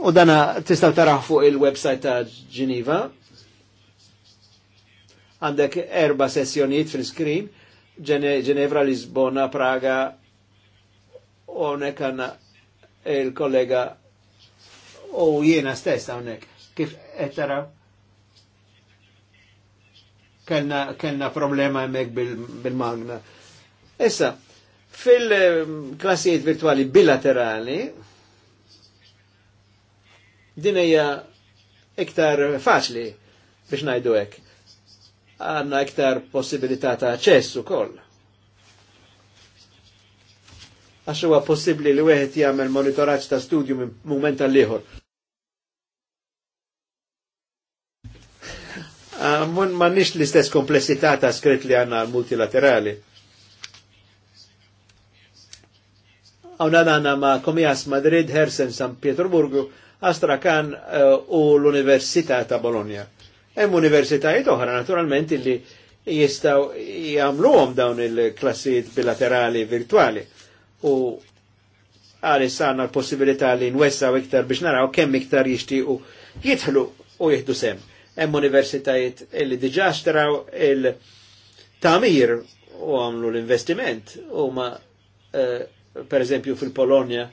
U dana tistaw taraħ fuq il-website ta' Geneva. Għandek erba sessjonijiet fil-screen, Ginevra, Lisbona, Praga, u għonek għanna il-kollega u jiena stess għonek. Kif għettaraw? kellna, kellna problema hemmhekk bil-magna. Bil Issa, fil-klassijiet virtuali bilaterali, din hija iktar faċli biex ngħidu hekk. Għandna iktar possibilità ta' aċċess ukoll. Għax huwa possibbli li wieħed jagħmel monitoraġġ ta' studju minn mument tal ieħor Ah, Mun ma nix l-istess komplessità ta' skritt li għanna multilaterali. Għawna għanna ma' Komijas Madrid, Hersen, San Pietroburgu, Astrakan eh, u l-Università ta' Bologna. Hemm universitajiet oħra naturalment li jistaw jagħmluhom dawn il-klassijiet bilaterali virtuali. U għalis għanna l-possibilità li nwessaw iktar biex naraw kemm iktar jishtiqu jitħlu u jihdu sem hemm universitajiet li diġà xtraw il-tamir u għamlu l-investiment u ma eh, per eżempju fil-Polonja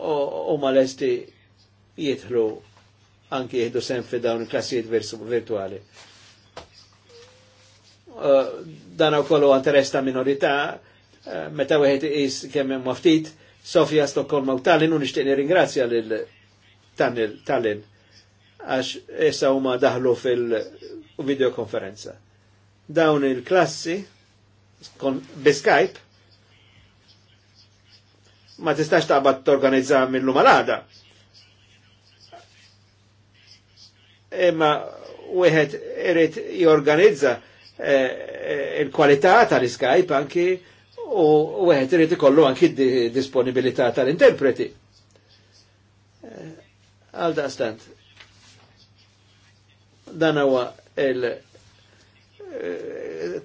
u ma l-esti jitħlu anki jihdu sen fi dawn il-klassijiet virtuali. Eh, dan u kollu għanteresta minorita, minorità, u eh, meta wieħed is kemm hemm ftit Sofia Stokkolma u Tallinn u nixtieq nirringrazzja lil Tallinn għax essa huma daħlu fil-videokonferenza. Dawn il-klassi bi Skype ma tistax taqbad torganizza mill-lum Imma wieħed irid jorganizza eh, eh, il-kwalità tal-Skype anki u għed irid ikollu anki disponibilità tal-interpreti. Eh, għal da stant. Dan huwa il eh,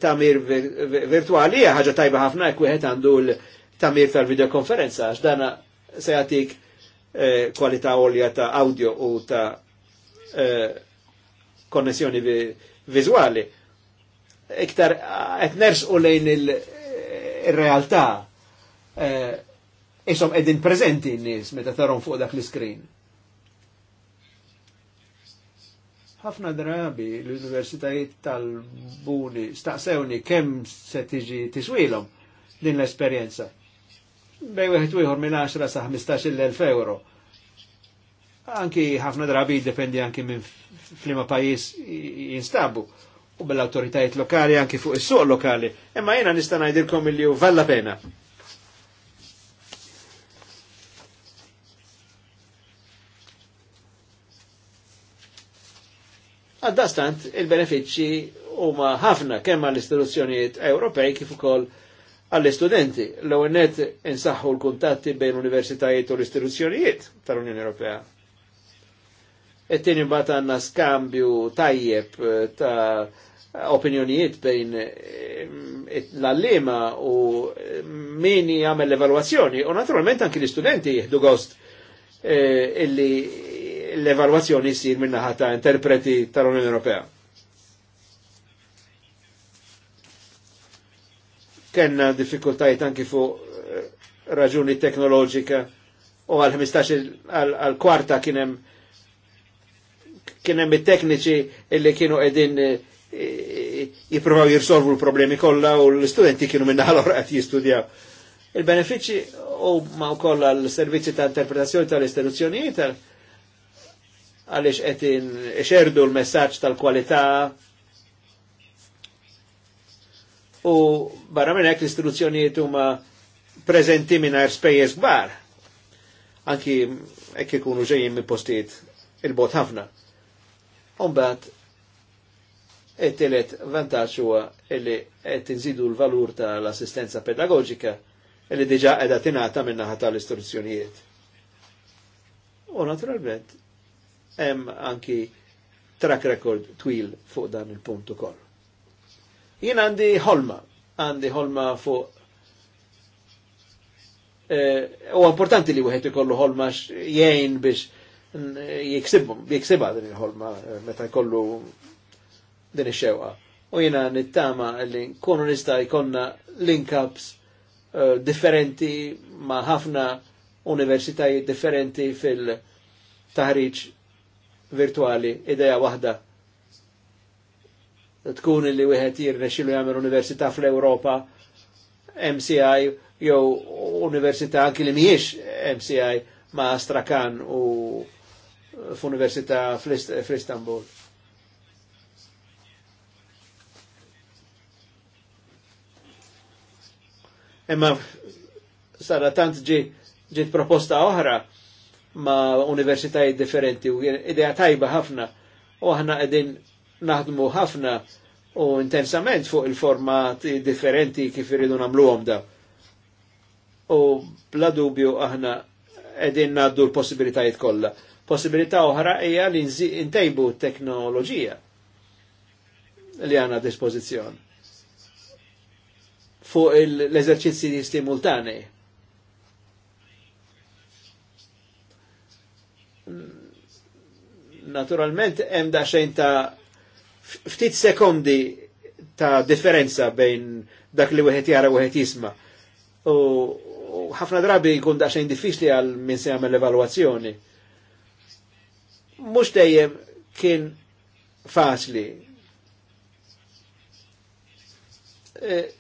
tamir virtuali hija ħaġa tajba ħafna jekk wieħed għandu l-tamir tal-videokonferenza għax dana se jagħtik eh, kwalità olja ta' audio u ta' konnessjoni vizuali. iktar qed nersqu lejn realtà jisom eh, e edin prezenti n-nis meta tarom fuq dak l screen ħafna drabi l-Universitajiet tal-Buni staqsewni kemm se tiġi tiswilom din l-esperjenza. Bej wieħed ieħor minn 10 sa 15.000 euro. Anki ħafna drabi jiddependi anki minn flima pajjiż jinstabu u bell-autoritajiet lokali anki fuq is-suq lokali. Imma jena nista' ngħidilkom illi hu valla pena. Għaddastant il benefiċċi huma ħafna kemm għall-istituzzjonijiet Ewropej kif ukoll għall-istudenti. L-ewwel insaħħu l-kuntatti bejn universitajiet u l-istituzzjonijiet tal-Unjoni Ewropea. Et-tieni mbagħad għandna skambju tajjeb eh, ta' opinjonijiet bejn eh, l-allima u eh, min jagħmel l-evalwazzjoni u naturalment anki l-istudenti jieħdu gost illi l-evalwazzjoni jsir minn naħa ta' interpreti tal-Unjoni Ewropea. Kenna diffikultajiet anki fuq raġuni teknoloġika u għal-15 għal-kwarta kienem hemm kien hemm it-tekniċi li kienu qegħdin eh, eh, jippruvaw jirsolvu l-problemi kollha u l-istudenti kienu minna ħalor qed jistudjaw. Il-benefiċċji u ma wkoll għall servizzi ta' interpretazzjoni tal-istituzzjonijiet għaliex qed ixerdu l-messaġġ tal-kwalità u barra minn hekk l-istituzzjonijiet huma preżenti minn spejjeż kbar. Anki hekk ikunu ġejjin minn postijiet il-bot ħafna. Umbat, it-telet vantaġġ huwa li qed inżidu l-valur tal-assistenza pedagogika li diġà qiegħda tingħata naħa tal-istruzzjonijiet. U naturalment hemm anki track record twil fuq dan il-punt ukoll. Jien għandi ħolma, għandi ħolma fuq eh, u importanti li wieħed ikollu ħolma jgħin biex jiksibhom, jiksibha din il-ħolma eh, meta jkollu din ix-xewqa. U jiena nittama li nkunu nista' jkollna link-ups eh, differenti ma' ħafna universitajiet differenti fil-taħriġ virtuali, ideja waħda tkun li wieħed jirnexxilu jagħmel università fl-Ewropa MCI jew università anki li mhijiex MCI ma' Astrakan u f'Università fl-Istanbul. Imma sara tant ġi ġiet proposta oħra ma' universitajiet differenti u idea tajba ħafna u aħna qegħdin naħdmu ħafna u intensament fuq il-formati differenti kif iridu nagħmluhom da. U bla dubju aħna qegħdin ngħaddu l-possibilitajiet kollha Possibilità oħra hija li ntejbu teknoloġija li għanna dispożizzjon fuq l-eżerċizzi simultanei. Naturalment hemm daxejn ta' ftit sekondi ta' differenza bejn dak li wieħed jara wieħed jisma. U ħafna drabi jkun daxejn diffiċli għal min se jagħmel evalwazzjoni mhux dejjem kien faċli. E,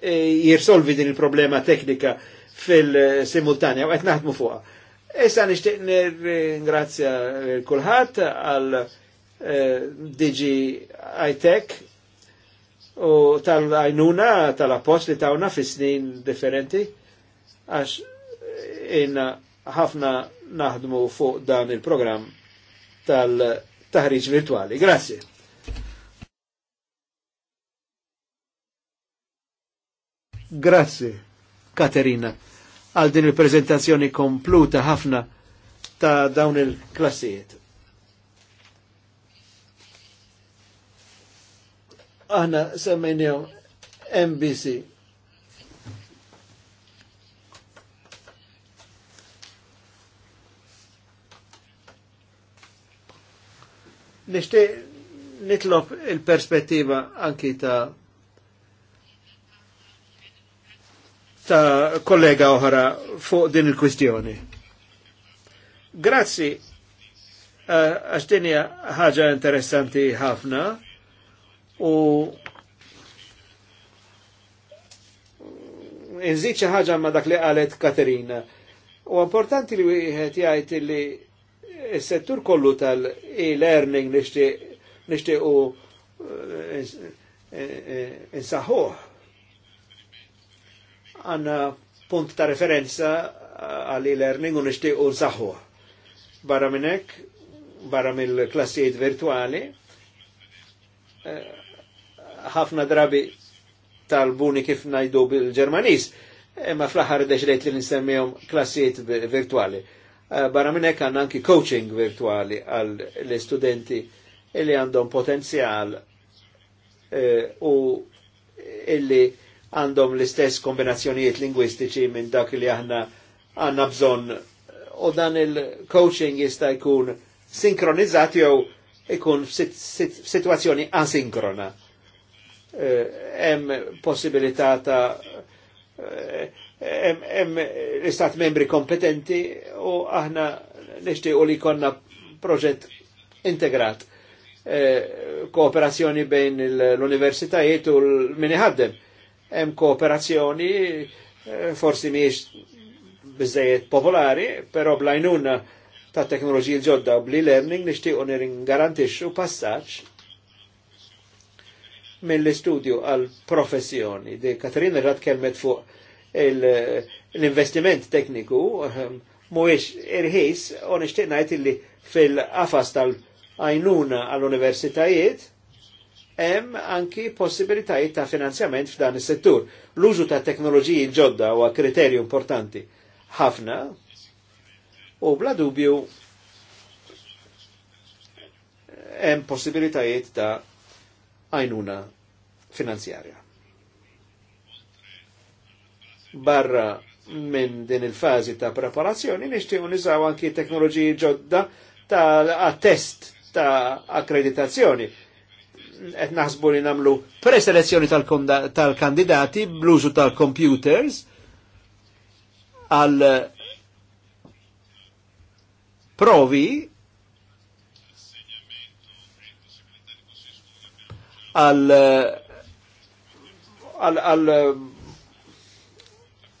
e, jirsolvi din il-problema teknika fil-simultanja għet naħdmu fuqha. Issa nixtieq nirringrazzja kulħadd għal e, Digi iTech u tal-għajnuna tal appost li tawna fi snin differenti għax inna ħafna naħdmu fuq dan il-programm tal-taħriġ virtuali. Grazie. Grazie, Katerina, għal din il-prezentazzjoni kompluta ħafna ta' dawn il-klassijiet. Aħna semmejnew MBC Nishtiq nitlob il-perspettiva anki ta' ta' kollega oħra fuq din il-kwistjoni. Grazzi, eh, għax din ħaġa interessanti ħafna u nżid ħaġa ma' dak li għalet Katerina. U importanti li wieħed jgħid li il-settur kollu tal-e-learning nishti u insaħuħ. Għanna punt ta' referenza għal-e-learning u nishti u nsaħuħ. Barra minnek, barra mill-klassijiet virtuali, eh, ħafna drabi tal-buni kif najdu bil-Ġermanis, imma fl-ħar deċlejt li nsemmijom klassijiet virtuali Eh, barra minn hekk għandna anki coaching virtuali għal l-istudenti illi għandhom potenzjal eh, u illi għandhom l-istess kombinazzjonijiet lingwistiċi minn dak li aħna għanna bżonn u dan il-coaching jista' jkun sinkronizzat jew ikun f'sitwazzjoni asinkrona. Eh, hemm possibilità ta' hemm l-istat membri kompetenti u aħna nixtiequ li konna proġett integrat eh, kooperazzjoni bejn l-universitajiet u l-miniħaddem. Hemm kooperazzjoni eh, forsi miex bizzejiet popolari, però blajnuna ta' teknoloġiji ġodda u bli learning nixtiequ niringarantixxu passaġġ mill-istudju għal professjoni. Di Katrina rat kelmet fuq l-investiment tekniku ehm, mhuwiex irħis u nixtieq ngħid illi fil-qafas tal ajnuna għall-universitajiet hemm anki possibilitajiet ta' finanzjament f'dan is-settur. L-użu ta' teknoloġiji ġodda huwa kriterju importanti ħafna u bla dubju hemm possibilitajiet ta' ajnuna finanzjarja barra minn din il-fazi ta' preparazzjoni nixtiequ niżaw anki teknoloġiji ġodda ta' attest ta' akkreditazzjoni. Et naħsbu li namlu preselezzjoni tal-kandidati tal kandidati tal bluzu tal computers għal provi għal għal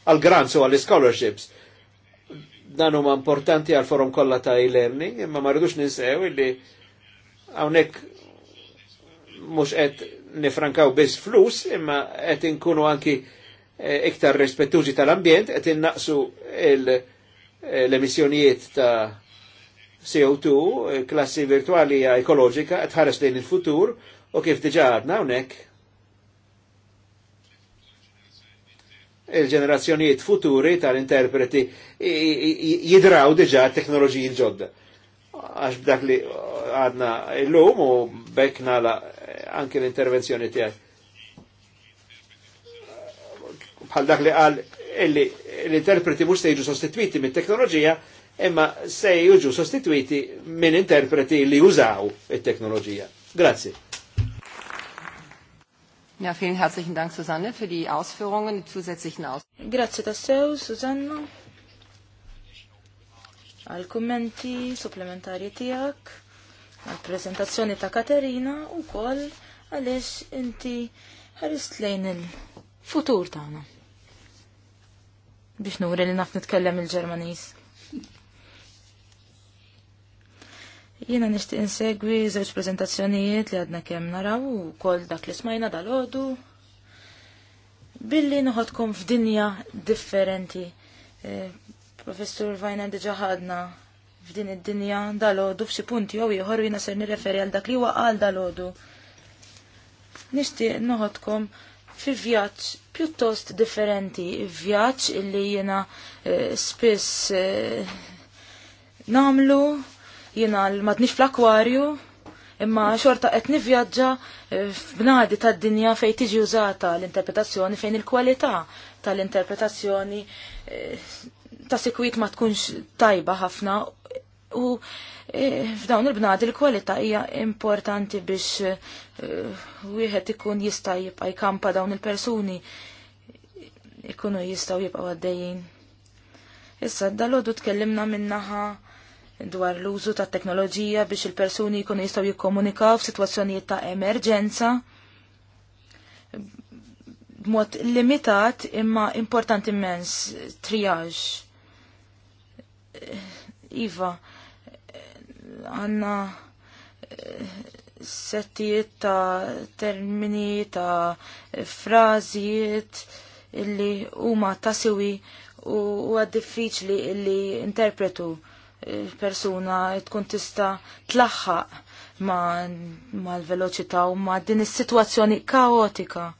għal grants u għal scholarships. Dan huma importanti għal forum kollha ta' e-learning, imma ma rridux ninsew illi hawnhekk mhux qed nifrankaw biss flus, imma qed inkunu anki eh, iktar rispettuġi tal-ambjent, qed innaqsu eh, l-emissjonijiet ta' CO2, eh, klassi virtuali ekoloġika, tħares lejn il-futur, u kif diġa għadna hawnhekk. il-ġenerazzjonijiet futuri tal-interpreti jidraw diġa teknoloġiji ġodda. Għax b'dak li għadna l-lum u bekna la anke l-intervenzjoni tijaj. Bħal dak li għal l-interpreti mux sejġu sostituiti minn teknoloġija imma sejġu sostituiti minn interpreti li użaw il-teknoloġija. Grazie. Ja, vielen herzlichen Dank, Susanne, für die Ausführungen, die zusätzlichen Ausführungen. Grazie da seu, Susanne. Al commenti supplementari tijak, al presentazione ta' Caterina, u kol għalix inti ħarist lejn il-futur ta' tagħna. Bix nuri li naf nitkellem il ġermanis Jiena nixtieq insegwi żewġ prezentazzjonijiet li għadna kemm naraw ukoll dak li smajna dal-ħodu billi noħodkom f'dinja differenti. E, Professur Vajna diġa ħadna f'din id-dinja dal-ħodu f'xi punti jew ieħor jiena ser nirreferi għal dak li huwa qal dal-ħodu. Nixtieq noħodkom fi vjaġġ pjuttost differenti, vjaġġ illi jiena e, spiss e, namlu jina madnix fl-akwarju, imma xorta qed nivvjaġġa eh, f'bnadi tad-dinja fejn tiġi użata l-interpretazzjoni fejn il-kwalità tal-interpretazzjoni eh, ta' sikwit ma tkunx tajba ħafna u eh, f'dawn il-bnadi l-kwalità hija importanti biex wieħed ikun jista' jibqa' jkampa dawn il-persuni ikunu jistgħu jibqa' għaddejjin. Issa dalodu tkellimna minnaħa naħa dwar l-użu ta' teknoloġija biex il-persuni jkun jistgħu jikkomunikaw f'sitwazzjonijiet ta' emerġenza b'mod limitat imma importanti immens triage. Iva, għanna eh, settijiet ta' termini, ta' frażijiet illi huma tasiwi u għad diffiċli illi interpretu persuna tkun tista tlaħħaq ma, ma l-veloċità u ma din is-sitwazzjoni kaotika.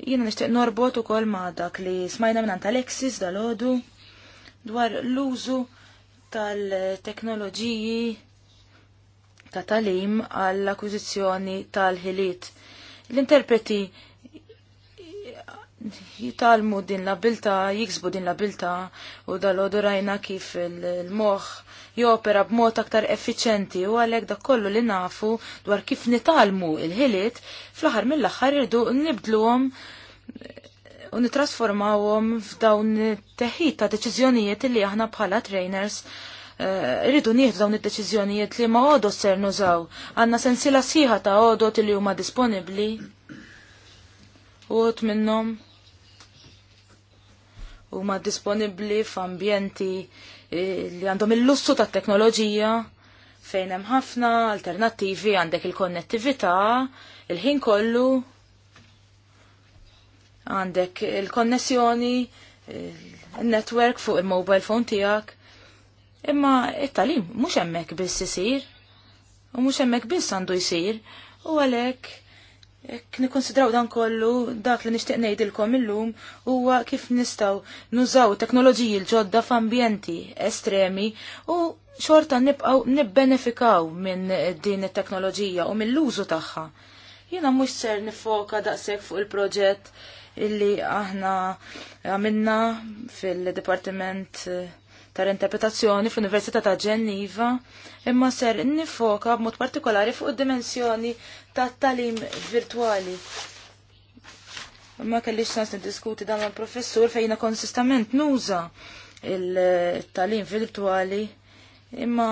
Jiena nixtieq norbot ukoll ma dak li smajna minn Alexis dal-ħodu dwar l-użu tal-teknoloġiji ta' talim għall-akkużizzjoni tal-ħiliet. L-interpreti jitalmu din l-abilta, jiksbu din l-abilta u dal odorajna kif il-moħ jopera b'mod aktar effiċenti u għalek da kollu li nafu dwar kif nitalmu il-ħiliet fl-ħar mill-ħar irdu nibdluhom u nitrasformawhom f'dawn teħid ta' deċiżjonijiet li aħna bħala trainers eh, irridu nieħdu dawn id-deċiżjonijiet li ma għodot ser nużaw. Għanna sensila siħa ta' għodot li huma disponibbli. Uħut minnom huma disponibbli f'ambjenti eh, li għandhom il-lussu ta' teknoloġija fejn hemm ħafna alternattivi għandek il-konnettività il-ħin kollu għandek il-konnessjoni il-network fuq il-mobile phone tiegħek. Imma it-talim mhux hemmhekk biss isir u mhux hemmhekk biss għandu jsir u għalhekk Ek nikonsidraw dan kollu dak li nixtieq ngħidilkom illum huwa kif nistgħu nużaw teknoloġiji l-ġodda f'ambjenti estremi u xorta nibqgħu nibbenefikaw minn din it-teknoloġija u mill-użu tagħha. Jiena mhux ser nifoka daqshekk fuq il-proġett illi aħna għamilna fil-Dipartiment uh, eh, tal-interpretazzjoni fl-Università ta' Ġenniva, imma ser nifoka b'mod partikolari fuq id-dimensjoni ta' talim virtuali. Ma kellix sens niddiskuti dan mal-professur fejna konsistament nuża il-talim virtuali, imma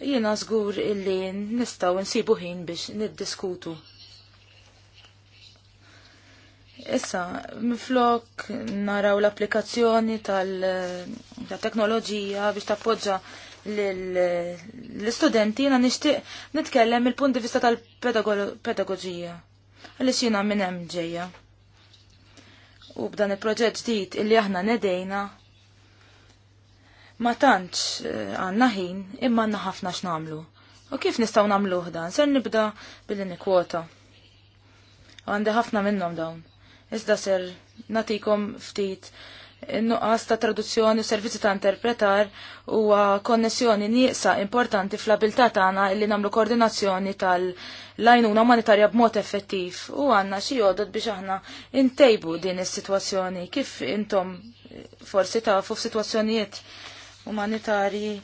jiena żgur illi nistgħu nsibu ħin biex niddiskutu Issa, minflok naraw l-applikazzjoni tal-teknoloġija biex tappoġġa l-studenti jina nishtiq nitkellem il-punt di vista tal-pedagogija. Għalli xina minn hemm ġejja. U b'dan il-proġett ġdid illi aħna nedejna ma tantx eh, għanna ħin imma għanna ħafna x'namlu. U kif nistgħu nagħmluh dan? Sen nibda billi nikwota. Għandi ħafna minnhom dawn Iżda ser natikom ftit nuqqas ta' traduzzjoni u servizzi ta' interpretar huwa konnessjoni nieqsa importanti fl-abilità tagħna li nagħmlu koordinazzjoni tal-lajnuna umanitarja b'mod effettiv u għandna xi jodod biex aħna intejbu din is-sitwazzjoni kif intom forsi tafu f'sitwazzjonijiet umanitarji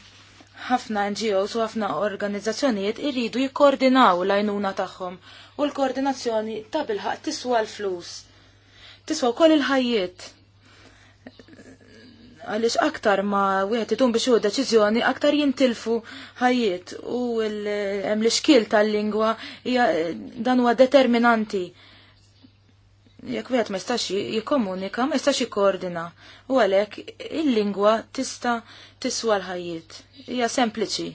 ħafna NGOs u ħafna organizzazzjonijiet irridu jikkoordinaw l-għajnuna tagħhom u l-koordinazzjoni ta' bilħaq tiswa l-flus tiswa wkoll il-ħajjiet. Għaliex aktar ma wieħed idum biex hu deċiżjoni aktar jintilfu ħajjiet u hemm l-ixkil tal-lingwa hija dan huwa determinanti. Jekk wieħed ma jistax jikkomunika, ma jistax jikkoordina. U għalhekk il-lingwa tista' tiswa l-ħajjiet. Hija sempliċi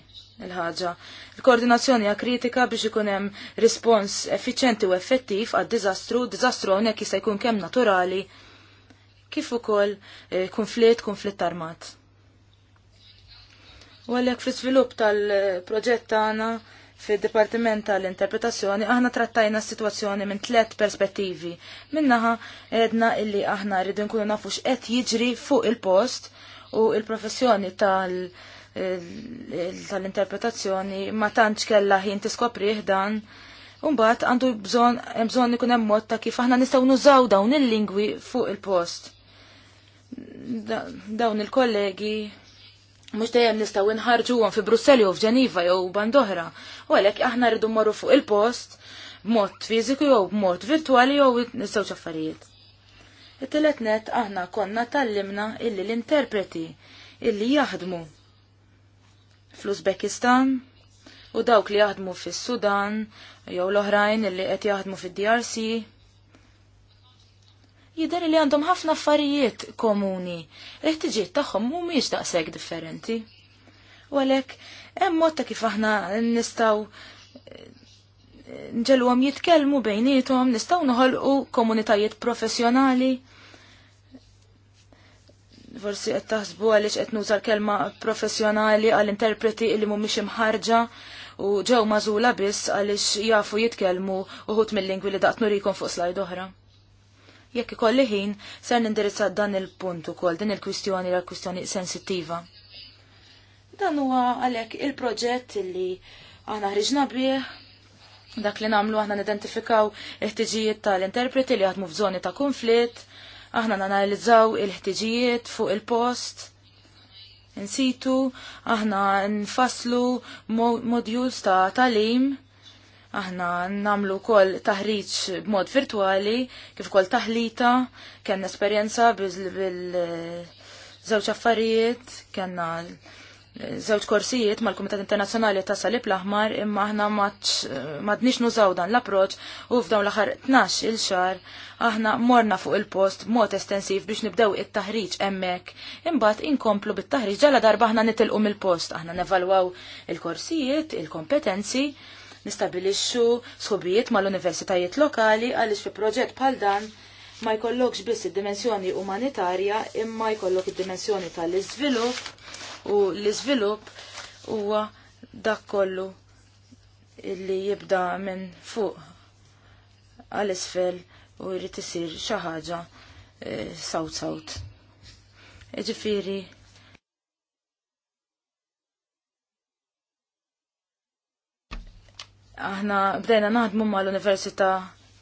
il-ħaġa. Il-koordinazzjoni hija kritika biex ikun hemm rispons effiċenti u effettiv għad diżastru, diżastru hawnhekk jista' jkun kemm naturali kif ukoll eh, konflitt, konflitt armat. U għalhekk fl-iżvilupp tal-proġett tagħna fid-Dipartiment tal-Interpretazzjoni aħna trattajna s-sitwazzjoni minn tliet perspettivi. Minnaħa edna illi aħna rridu nkunu nafux qed jiġri fuq il-post u il-professjoni tal- tal-interpretazzjoni ma tantx kella ħin tiskoprih dan. Umbat għandu bżon, bżon ikun hemm mod ta' kif aħna nistgħu nużaw dawn il-lingwi fuq il-post. Dawn il-kollegi mhux dejjem nistgħu nħarġuhom fi Brussell jew f'Ġeniva jew bandoħra. U għalhekk aħna rridu mmorru fuq il-post b'mod fiżiku jew b'mod virtwali jew nistgħu ċaffarijiet. It-telet net aħna konna tallimna illi l-interpreti illi jaħdmu fl-Uzbekistan u dawk li jaħdmu fis-Sudan jew l-oħrajn li qed jaħdmu fid-DRC. Jidher li għandhom ħafna affarijiet komuni, il-ħtiġiet tagħhom mhumiex daqshekk differenti. U għalhekk hemm mod ta' kif aħna nistgħu eh, nġelwom jitkelmu bejnietom, nistaw noħolqu komunitajiet professjonali Forsi qed taħsbu għaliex qed nuża l-kelma professjonali għall-interpreti li mhumiex imħarġa u ġew mażula biss għaliex jafu jitkellmu uħut mill-lingwi li daqt nurikom fuq slajd oħra. Jekk ikolli ħin, ser nindirizza dan il-punt ukoll din il-kwistjoni l kwistjoni sensittiva. Dan huwa għalhekk il-proġett li aħna ħriġna bih dak li namlu aħna nidentifikaw il-ħtiġijiet tal-interpreti li għadmu f'żoni ta' konflitt, aħna nanalizzaw il-ħtiġijiet fuq il-post, insitu, aħna nfasslu modjuls ta' talim, aħna namlu kol taħriċ b'mod virtuali, kif kol taħlita, kien esperjenza bil-żewġ affarijiet, kena żewġ korsijiet mal-Kumitat Internazzjonali ta' Salib l-Aħmar imma aħna madniex nużaw dan l-approċ u f'dawn l-aħħar 12 il xar aħna morna fuq il-post mod estensiv biex nibdew it-taħriġ hemmhekk. Imbagħad inkomplu bit-taħriġ ġala darba aħna nitilqu mill-post, aħna nevalwaw il-korsijiet, il-kompetenzi, nistabilixxu sħubijiet mal-universitajiet lokali għaliex fi proġett bħal dan ma jkollokx biss id-dimensjoni umanitarja imma jkollok id-dimensjoni tal-iżvilupp u l-iżvilupp huwa dak kollu illi jibda minn fuq għal isfel u jrid isir xi ħaġa e, sawt sawt. Ġifieri aħna bdejna naħdmu mal-Università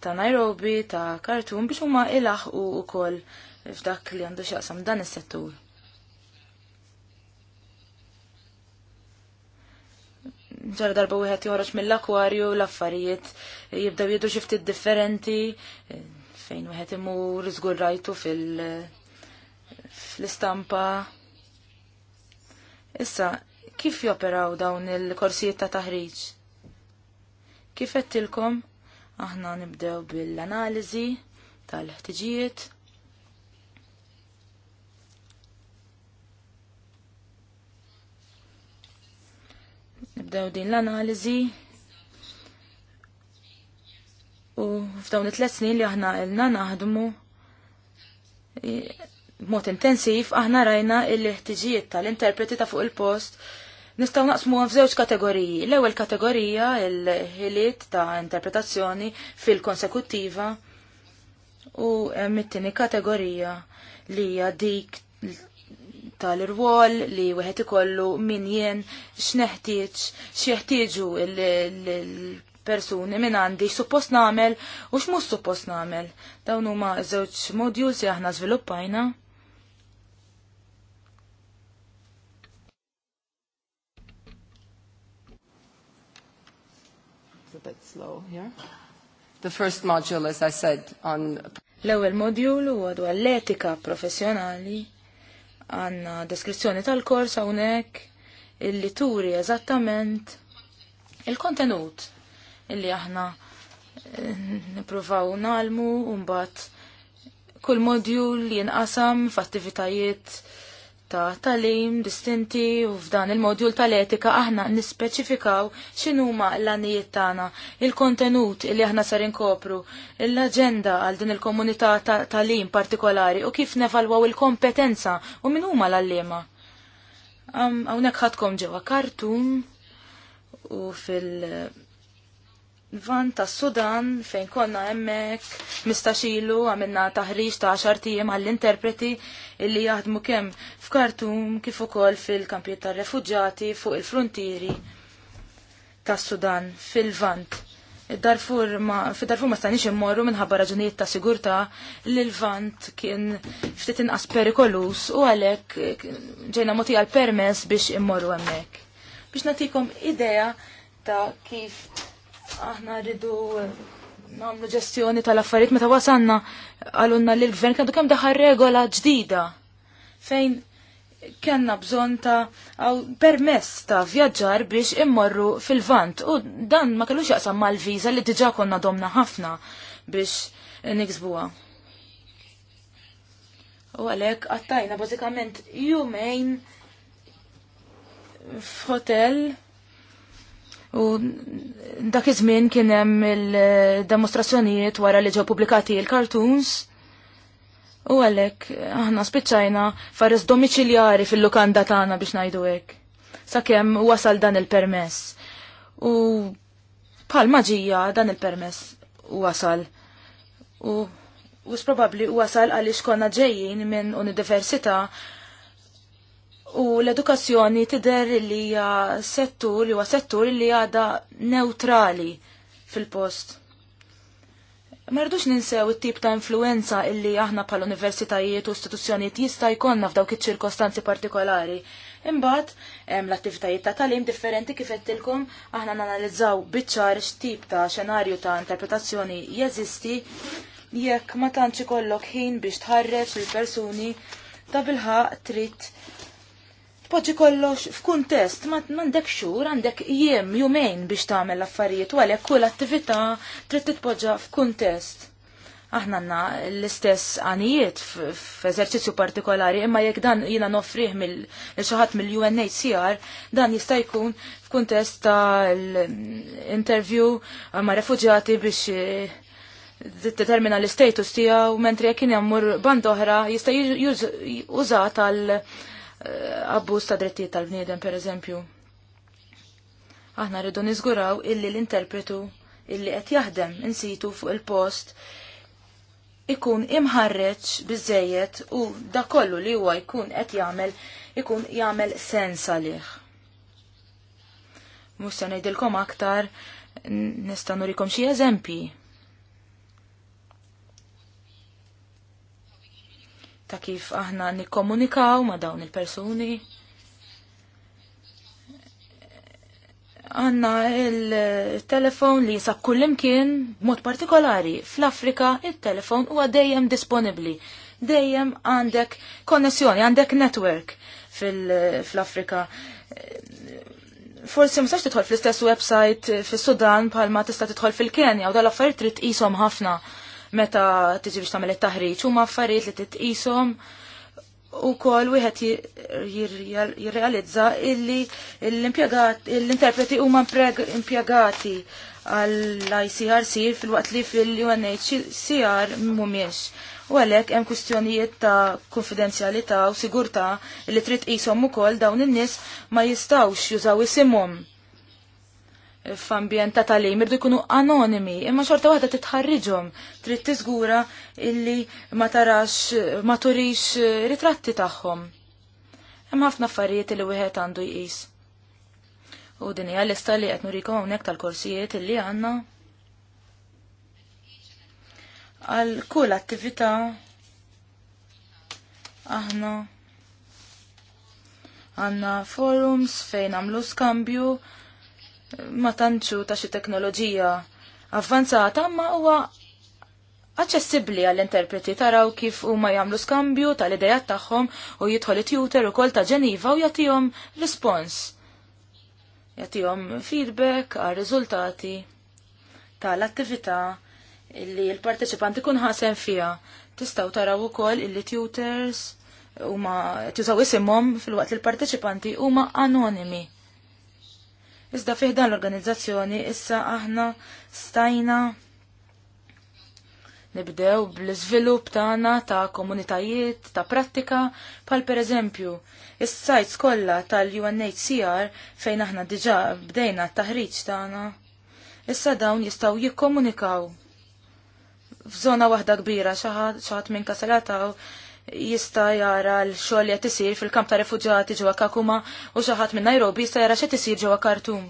ta' Nairobi, ta' Khartoum biex huma ilaħqu kol f'dak li għandu x'jaqsam dan is-settur. ġara darba wieħed joħroġ mill-akwarju l-affarijiet jibdew jidru xi ftit differenti fejn wieħed imur żgur rajtu fil- fl-istampa. Issa, kif joperaw dawn il-korsijiet ta' taħriġ? Kif tilkom? Aħna nibdew bil analizi tal-ħtiġijiet. Nibdew din l analizi u f'dawn it-tlet snin li aħna ilna naħdmu b'mod intensiv aħna rajna l ħtiġijiet tal-interpreti ta' fuq il-post Nistaw naqsmu f'żewġ kategoriji. L-ewwel kategorija il ħiliet ta' interpretazzjoni fil-konsekuttiva u mit-tieni kategorija li hija dik tal-irwol li wieħed ikollu min jien x'neħtieġ x'jeħtieġu l-persuni minn għandi suppost nagħmel u x'mhux suppost nagħmel. Dawn huma żewġ modjuls li aħna żviluppajna. slow here. The first module, as I said, on... L-ewel modjul huwa dwar l-etika professjonali għanna deskrizzjoni tal-kors hawnhekk illi turi eżattament il-kontenut illi aħna eh, nipruvaw nalmu u mbagħad kull modjul jinqasam f'attivitajiet ta' talim distinti u f'dan il-modjul tal-etika aħna nispeċifikaw x'inhuma l-għanijiet tagħna, il-kontenut li aħna sar inkopru, l-aġenda għal din il-komunità ta' talim partikolari u kif nevalwaw il-kompetenza u min huma l-allima. Hawnhekk ħadkom ġewwa kartum u fil- Van ta' Sudan fejn konna hemmhekk mistaxilu għamilna taħriġ ta' xartijem għall-interpreti illi jaħdmu kemm f'Kartum kif ukoll fil-kampijiet tar refugġati fuq il-frontieri tas Sudan fil-Vant. Darfur ma, fi Darfur ma stanix immorru minħabba raġunijiet ta' sigurta li l-vant kien ftit inqas perikolus u għalek ġejna moti għal permess biex immorru hemmhekk. Biex natikom idea ta' kif Aħna rridu eh, nagħmlu ġestjoni tal-affarijiet meta wasanna għalunna li l-gvern kandu kemm daħal regola ġdida fejn kenna bżon ta' permess ta' vjaġġar biex immorru fil-vant. U dan ma kellux jaqsam mal viża li diġa konna domna ħafna biex niksbuha. U għalek għattajna bażikament jumejn f'hotel U dak iż-żmien kien hemm il-demostrazzjonijiet wara li ġew pubblikati l-cartoons. U għalhekk aħna spiċċajna fares domiċiljari fil-lukanda tagħna biex ngħidu hekk. Sakemm wasal dan il-permess. U bħal maġija dan il-permess wasal. U Us probabli wasal għaliex konna ġejjin minn università U l-edukazzjoni tider li hija settur li huwa settur li għada neutrali fil-post. Ma ninsew it-tip ta' influenza illi aħna pal universitajiet u istituzzjonijiet jista' jkollna f'dawk iċ-ċirkostanzi partikolari. Imbagħad hemm l-attivitajiet ta' talim differenti kif qedtilkom aħna nanalizzaw biċċar x'tip ta' xenarju ta' interpretazzjoni jeżisti jekk ma tantx ikollok ħin biex tħarreġ lill persuni ta' bilħaq trid Poċi kollox f'kuntest, m'għandek xhur, għandek jiem, jumejn biex tagħmel l-affarijiet, u għalhekk kull attività trid titpoġġa f'kuntest aħna għanna l-istess għanijiet f'eżerċizzju partikolari, imma jekk dan jina nofriħ mill-xaħat mill-UNHCR, dan jista' jkun f'kuntest ta' l intervju ma' refugjati biex eh, determina l-status tiegħu mentri jekk mur band oħra jista' l-intervju Eh, abbuż ta' drittijiet tal-bniedem pereżempju. Aħna rridu niżguraw illi l-interpretu illi qed jaħdem insitu fuq il-post ikun imħarreċ biżejjed u da kollu li huwa jkun qed jagħmel ikun jagħmel sens għalih. Mhux se ngħidilkom aktar nista' nurikom xi eżempji ta' kif aħna nikkomunikaw ma' dawn il-persuni. Għanna il-telefon li jinsab kullimkien, mod partikolari, fl-Afrika il-telefon huwa dejjem disponibli. Dejjem għandek konnessjoni, għandek network fil-Afrika. Forsi msax titħol fl-istess website fil-Sudan bħalma tista' titħol fil-Kenja u dal affarit trid qishom ħafna meta tiġi biex tagħmel it-taħriġ huma affarijiet li titqishom u kol wieħed jirrealizza illi l-interpreti huma impjegati għall-ICRC fil-waqt li fil-UNHCR mhumiex. U għalhekk hemm kwistjonijiet ta' konfidenzjalità u sigurtà li trid qishom ukoll dawn in-nies ma jistgħux jużaw isimhom f'ambjent ta' talim irdu jkunu anonimi, imma xorta waħda titħarriġhom, trid tiżgura illi ma tarax ma turix eh, ritratti tagħhom. Hemm ħafna affarijiet li wieħed għandu jqis. U din hija lista li qed nurikom hawnhekk tal-korsijiet illi għandna. Għal kull attività aħna għandna forums fejn għamlu skambju ma tantxu ta' xi teknoloġija avvanzata ma huwa aċċessibbli għall-interpreti taraw kif huma jagħmlu skambju tal-idejat tagħhom u jidħol it-tutor ukoll ta' Ġeniva u jagħtihom rispons. Jagħtihom feedback għar riżultati tal-attività illi l-parteċipanti kun ħasem fija. Tistgħu taraw ukoll illi tutors huma tużaw isimhom fil-waqt li l-parteċipanti huma anonimi. Iżda fih dan l-organizzazzjoni issa aħna stajna nibdew bl-iżvilupp tagħna ta' komunitajiet ta' prattika pal pereżempju is-sajts kollha tal-UNHCR fejn aħna diġà bdejna t-taħriġ tagħna. Issa dawn jistgħu jikkomunikaw f'żona waħda kbira xi ħadd minn kasalataw jista jara l-xogħol li qed isir fil-kamp ta' refuġjati ġewwa Kakuma u xi ħadd minn Nairobi jista' jara x'qed isir ġewwa Khartoum.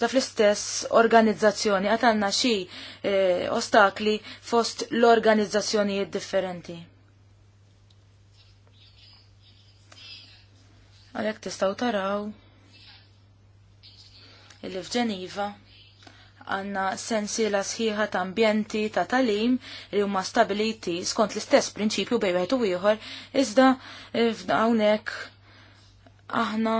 Da fl-istess organizzazzjoni qed għandna xi e, ostakli fost l-organizzazzjonijiet differenti. Għalhekk tistgħu taraw il f'Ġeniva għanna sensiela sħiħa ta' ambjenti ta' talim li huma stabiliti skont l-istess prinċipju bej wieħed u ieħor, iżda eh, hawnhekk aħna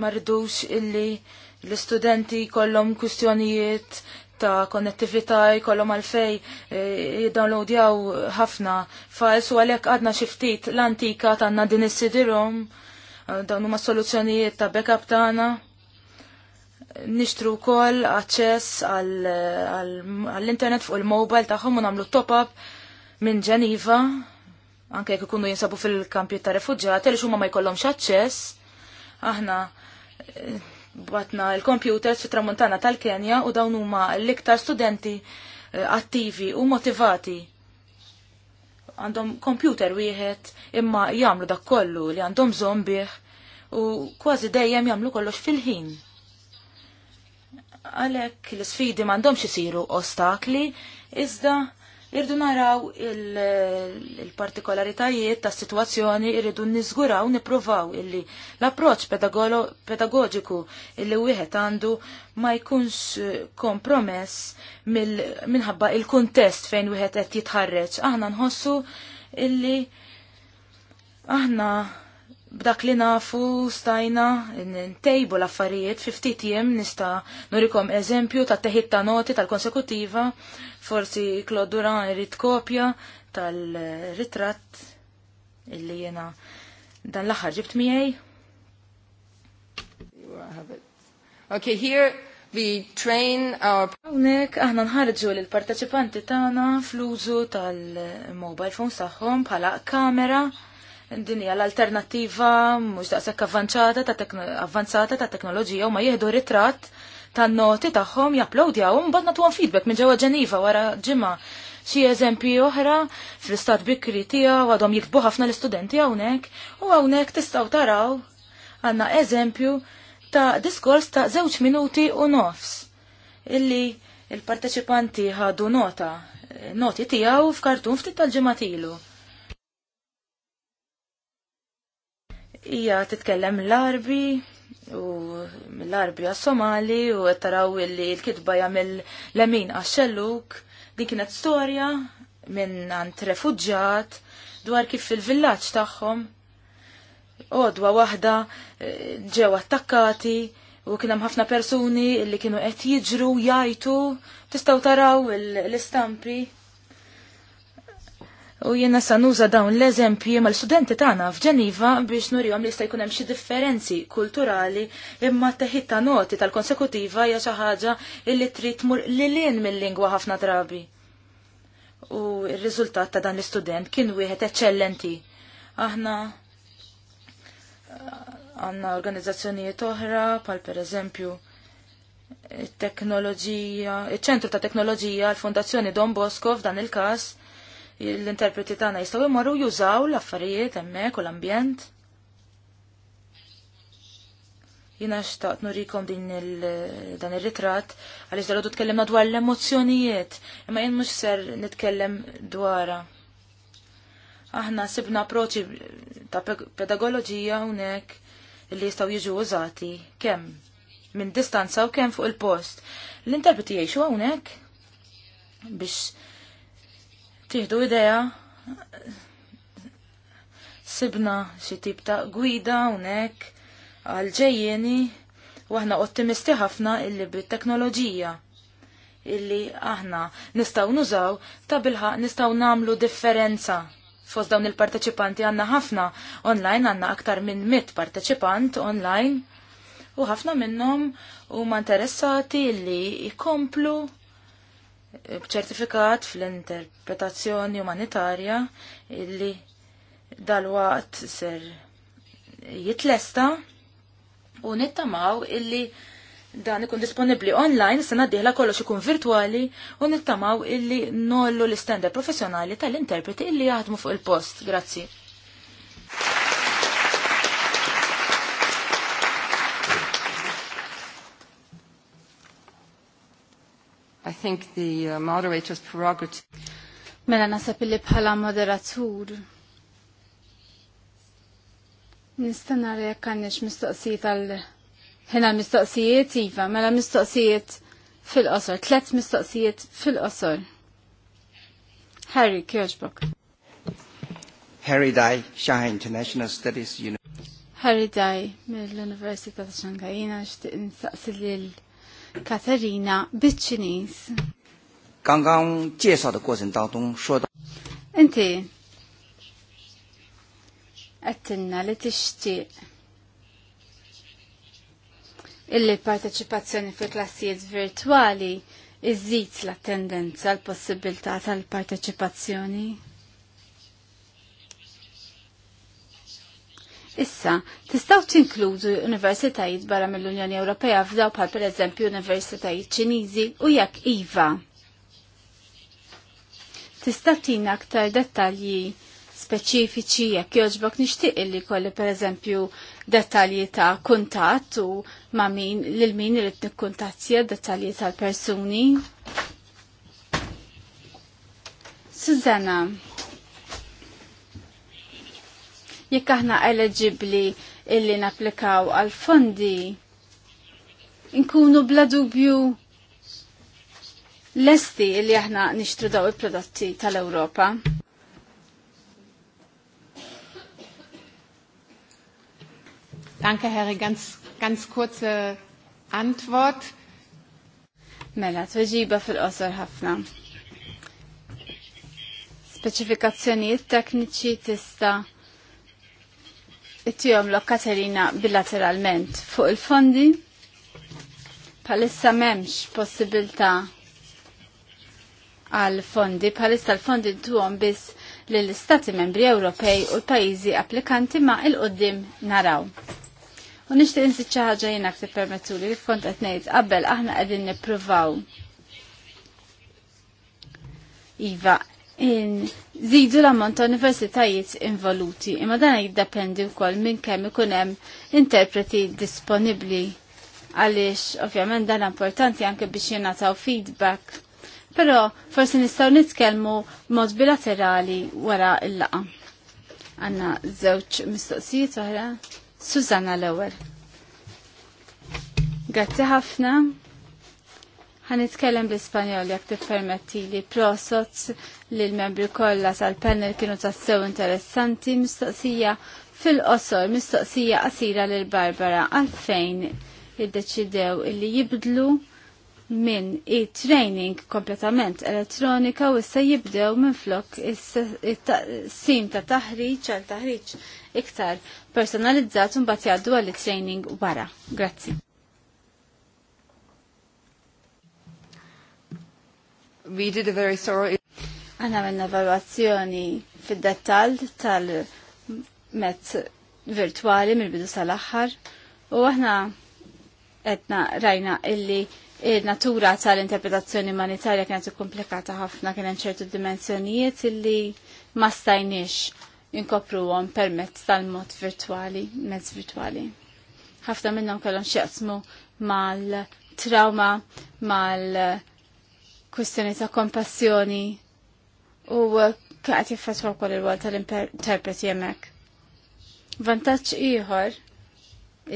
ma rridux illi l-istudenti kollhom kwistjonijiet ta' konnettività jkollhom għalfej eh, jiddownloadjaw ħafna files u għalhekk għadna xi ftit l-antika tagħna din is issidirhom eh, dawn huma soluzzjonijiet ta' backup tagħna. Ta nixtru kol access għall-internet fuq il-mobile taħħom u namlu top-up minn Ġeniva, anke jek ikunu jinsabu fil-kampji ta' refugġati li xumma ma jkollhomx xaċċess, Aħna eh, batna l-computers fit tramuntana tal-Kenja u dawn huma l-iktar studenti eh, attivi u motivati għandhom computer wieħed imma jagħmlu dak kollu li għandhom zombieħ u kważi dejjem jagħmlu kollox fil-ħin Għalek l-sfidi mandomx isiru ostakli, iżda irdu naraw il-partikolaritajiet ta' situazzjoni irridu nizguraw niprovaw illi l-approċ pedagogiku illi wieħed għandu ma jkunx eh, kompromess minħabba il-kuntest fejn wieħed qed jitħarreġ. Aħna nħossu illi aħna b'dak li nafu stajna ntejbu l-affarijiet fi ftit jiem nista' nurikom eżempju ta' teħit ta' noti tal-konsekutiva, forsi Claude Duran kopja tal-ritratt illi jena dan l-aħħar ġibt miegħi. Okay, here we train our... Hawnhekk aħna nħarġu lill parteċipanti tagħna fl-użu tal-mobile phone tagħhom bħala kamera dinja l-alternativa mhux daqshekk avvanċata ta' avvanzata ta' teknoloġija u ma jieħdu ritratt tan noti tagħhom japplowdjaw u mbagħad nagħtuhom feedback minn ġewwa Ġeniva wara ġimgħa. Xi eżempji oħra fl-istat bikri tiegħu għadhom jiktbu ħafna l-istudenti hawnhekk u hawnhekk tistgħu taraw għandna eżempju ta' diskors ta' żewġ minuti u nofs illi il-parteċipanti ħadu nota noti tiegħu f'kartun ftit tal-ġimgħa tilu hija titkellem l-arbi u mill-arbi għas-Somali u qed taraw li l-kitba jagħmel lemin għax-xelluk. Din kienet storja minn għand refuġġat dwar kif fil-villaġġ tagħhom odwa waħda e, ġew attakkati u kien hemm ħafna persuni li kienu qed jiġru jajtu tistgħu taraw l-istampi U jiena sa nuża dawn l-eżempji mal-studenti tagħna f'Ġeniva biex nurihom li sta' jkun hemm xi differenzi kulturali imma teħid ta' noti tal-konsekutiva hija xi ħaġa li trid tmur lilien mill-lingwa ħafna drabi. U r-riżultat ta' dan l-istudent kien wieħed eċċellenti. Aħna eh, għanna organizzazzjonijiet oħra, pal per eżempju teknoloġija, il-ċentru ta' teknoloġija, l-Fondazzjoni Don Bosco f'dan il-kas, l-interpreti tagħna jistgħu jmorru jużaw l-affarijiet hemmhekk u l-ambjent. Jina xtaqt nurikom din dan ir-ritratt għaliex dalu tkellimna dwar l-emozzjonijiet, imma jien mhux ser nitkellem dwara. Aħna sibna approċċi ta' pedagoloġija hawnhekk li jistgħu jiġu użati kemm minn distanza u kemm fuq il-post. L-interpreti jgħixu hawnhekk biex tieħdu idea sibna xi tip ta' gwida hawnhekk għal ġejjeni u aħna ottimisti ħafna illi bit-teknoloġija illi aħna nistgħu nużaw ta' bilħaq nistgħu nagħmlu differenza fost dawn il-parteċipanti għanna ħafna online għanna aktar minn mit parteċipant online u ħafna minnom u ma interessati li jkomplu b'ċertifikat fl-interpretazzjoni umanitarja illi dal-waqt ser jitlesta u nittamaw illi dan ikun disponibli online, sena diħla kollox ikun virtuali u nittamaw illi nollu l-istandard professjonali tal-interpreti illi jaħdmu fuq il-post. Grazzi. think the uh, moderator's prerogative. Mela nasab li bħala moderatur. Nista nara jekk għandix mistoqsijiet għal ħina mistoqsijiet iva, mela mistoqsijiet fil-qosor, tlet mistoqsijiet fil-qosor. Harry Kirchbrook. Harry Dai, Shanghai International Studies University. Harry Dai, mill-Università ta' Shanghai, jina xtiq nistaqsi lil Katarina Bicinis. Inti għattinna li tixtieq illi l-parteċipazzjoni fil klassijiet virtuali iżid l-attendenza l-possibilità tal-parteċipazzjoni. Issa, tistaw tinkludu universitajiet barra mill-Unjoni Ewropea f'daw bħal per eżempju universitajiet ċiniżi u jekk IVA. Tista' tina aktar dettalji speċifiċi jekk joġbok nixtieq li kolli per eżempju dettalji ta' kuntatt u ma' min lil min irid nikkuntazzja dettalji tal-persuni. Susanna, jekk aħna eligibli illi napplikaw għal fondi nkunu bla dubju lesti illi aħna nixtru daw il-prodotti tal-Ewropa. Danke, Herr, ganz, ganz kurze Antwort. Mela, tweġiba fil-qosor ħafna. Speċifikazzjonijiet tekniċi tista' it-tijom lok Katerina bilateralment fuq il-fondi palissa memx possibilta għal fondi palissa l-fondi tuħom bis l-istati membri Ewropej u l-pajizi applikanti ma il-qoddim naraw. U nishtiq insit xi ħaġa jiena kif permettu li kont qed ngħid qabel aħna qegħdin nippruvaw. Iva, Zidu l-ammont ta' universitajiet involuti, imma dan jiddependi wkoll minn kemm ikun hemm interpreti disponibbli għaliex ovvjament dan importanti anke biex jingħataw feedback. Però forsi nistgħu nitkellmu mod bilaterali wara l-laqa. Għanna żewġ mistoqsijiet oħra. Susanna l-ewwel. Grazzi ħafna. Għanitkellem bl-Ispanjol jekk tippermetti li prosot li l-membri kollha sal panel kienu tassew interessanti mistoqsija fil-qosor, mistoqsija qasira lil Barbara għalfejn iddeċidew illi jibdlu minn i training kompletament elettronika u issa jibdew minn flok sim ta' taħriġ għal taħriġ iktar personalizzat un bat jaddu għal training wara. Grazzi. we did a very thorough minna e- evaluazzjoni fil-dettal tal-mezz virtuali mill-bidu sal aħħar u għahna etna rajna illi il-natura tal-interpretazzjoni umanitarja kienet komplikata ħafna kien ċertu dimensjonijiet illi ma stajniex inkopruhom permezz tal-mod virtuali, mezz virtuali. Ħafna minnhom kellhom x'jaqsmu mal-trauma, mal kwistjoni ta' kompassjoni u kaqt jiffatwa kol il-wol tal-interpreti jemmek. Vantaċ iħor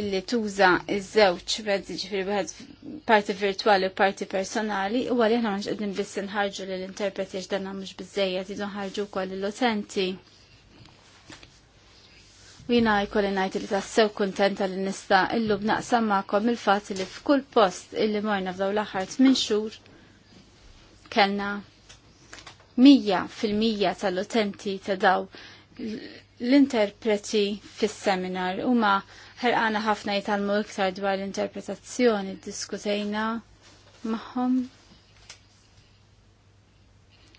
illi tuża iż-żewġ mezzi ġifiri bħed parti virtuali u parti personali u għalli ħna mħanġ għedin biss nħarġu li l-interpreti għax danna mux bizzejet idu nħarġu kol l-utenti. U jkolli najt li tassew kontenta li nista illum naqsam magħkom il fatt li f'kull post illi morna f'daw l-aħħar 8 xhur kellna mija fil-mija tal-utenti ta' daw l-interpreti fis-seminar u ma ħerqana ħafna jitalmu iktar dwar l-interpretazzjoni diskutejna maħom.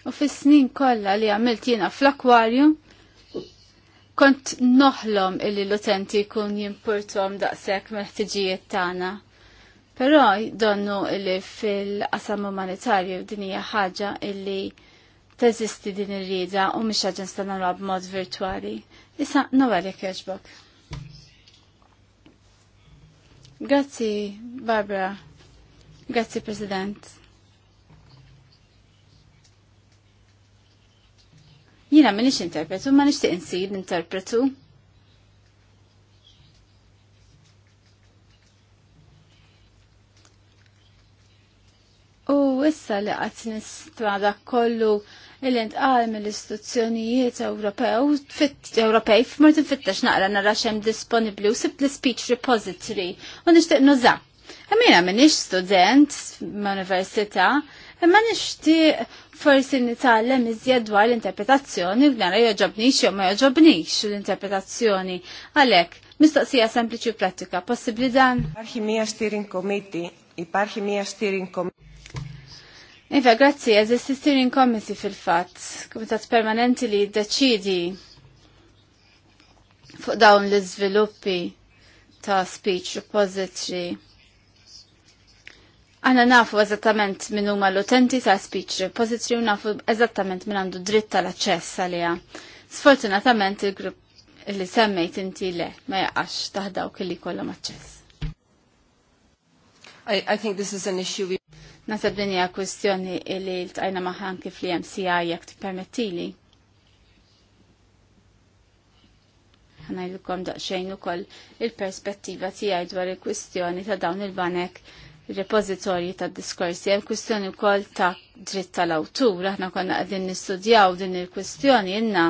U fil snin kollha li għamilt jiena fl-akwarju kont noħlom illi l-utenti kun jimportom daqshekk meħtiġijiet tagħna. Però donnu li fil-qasam umanitarju din hija ħaġa illi teżisti din ir-rieda u mhix ħaġa nista' nagħmlu b'mod virtwali. Issa Noel jekk jogħġbok. Grazzi, Barbara. Grazzi, President. Jina minix interpretu, ma nixtieq insir interpretu. issa li qatt nistra kollu il għal mill-istituzzjonijiet Ewropew Ewropej f-mort n-fittax naqra narra xem disponibli u sibt l-speech repository u nixtieq nuża. Emmina minix student ma' ma' nixtieq forsi nitgħallem iżjed dwar l-interpretazzjoni għnara nara xie u ma xie l-interpretazzjoni Għalek, Mistoqsija sempliċi u pratika, possibli dan? Parħi mija steering committee, i parħi mija steering committee. Iva, grazzi, eżisti in committee fil-fat, komitat permanenti li deċidi fuq dawn l-izviluppi ta' speech repository. Għana nafu eżattament minn huma l-utenti ta' speech repository u nafu eżattament minn għandu dritt tal-aċċess għalija. Sfortunatament il-grupp li semmejt inti le, ma jaqax taħdaw kelli kollha maċċess. I, I think this is an issue we... Nasab dinja kwestjoni li l-tajna maħan kif li MCI jek t-permettili. ħanajlukom daqxejn u koll il-perspettiva tijaj dwar il kwestjoni ta' dawn il-banek repozitorji ta' diskorsi. Hemm kwistjoni wkoll ta' dritt tal-awtur, aħna konna qegħdin nistudjaw din il-kwistjoni inna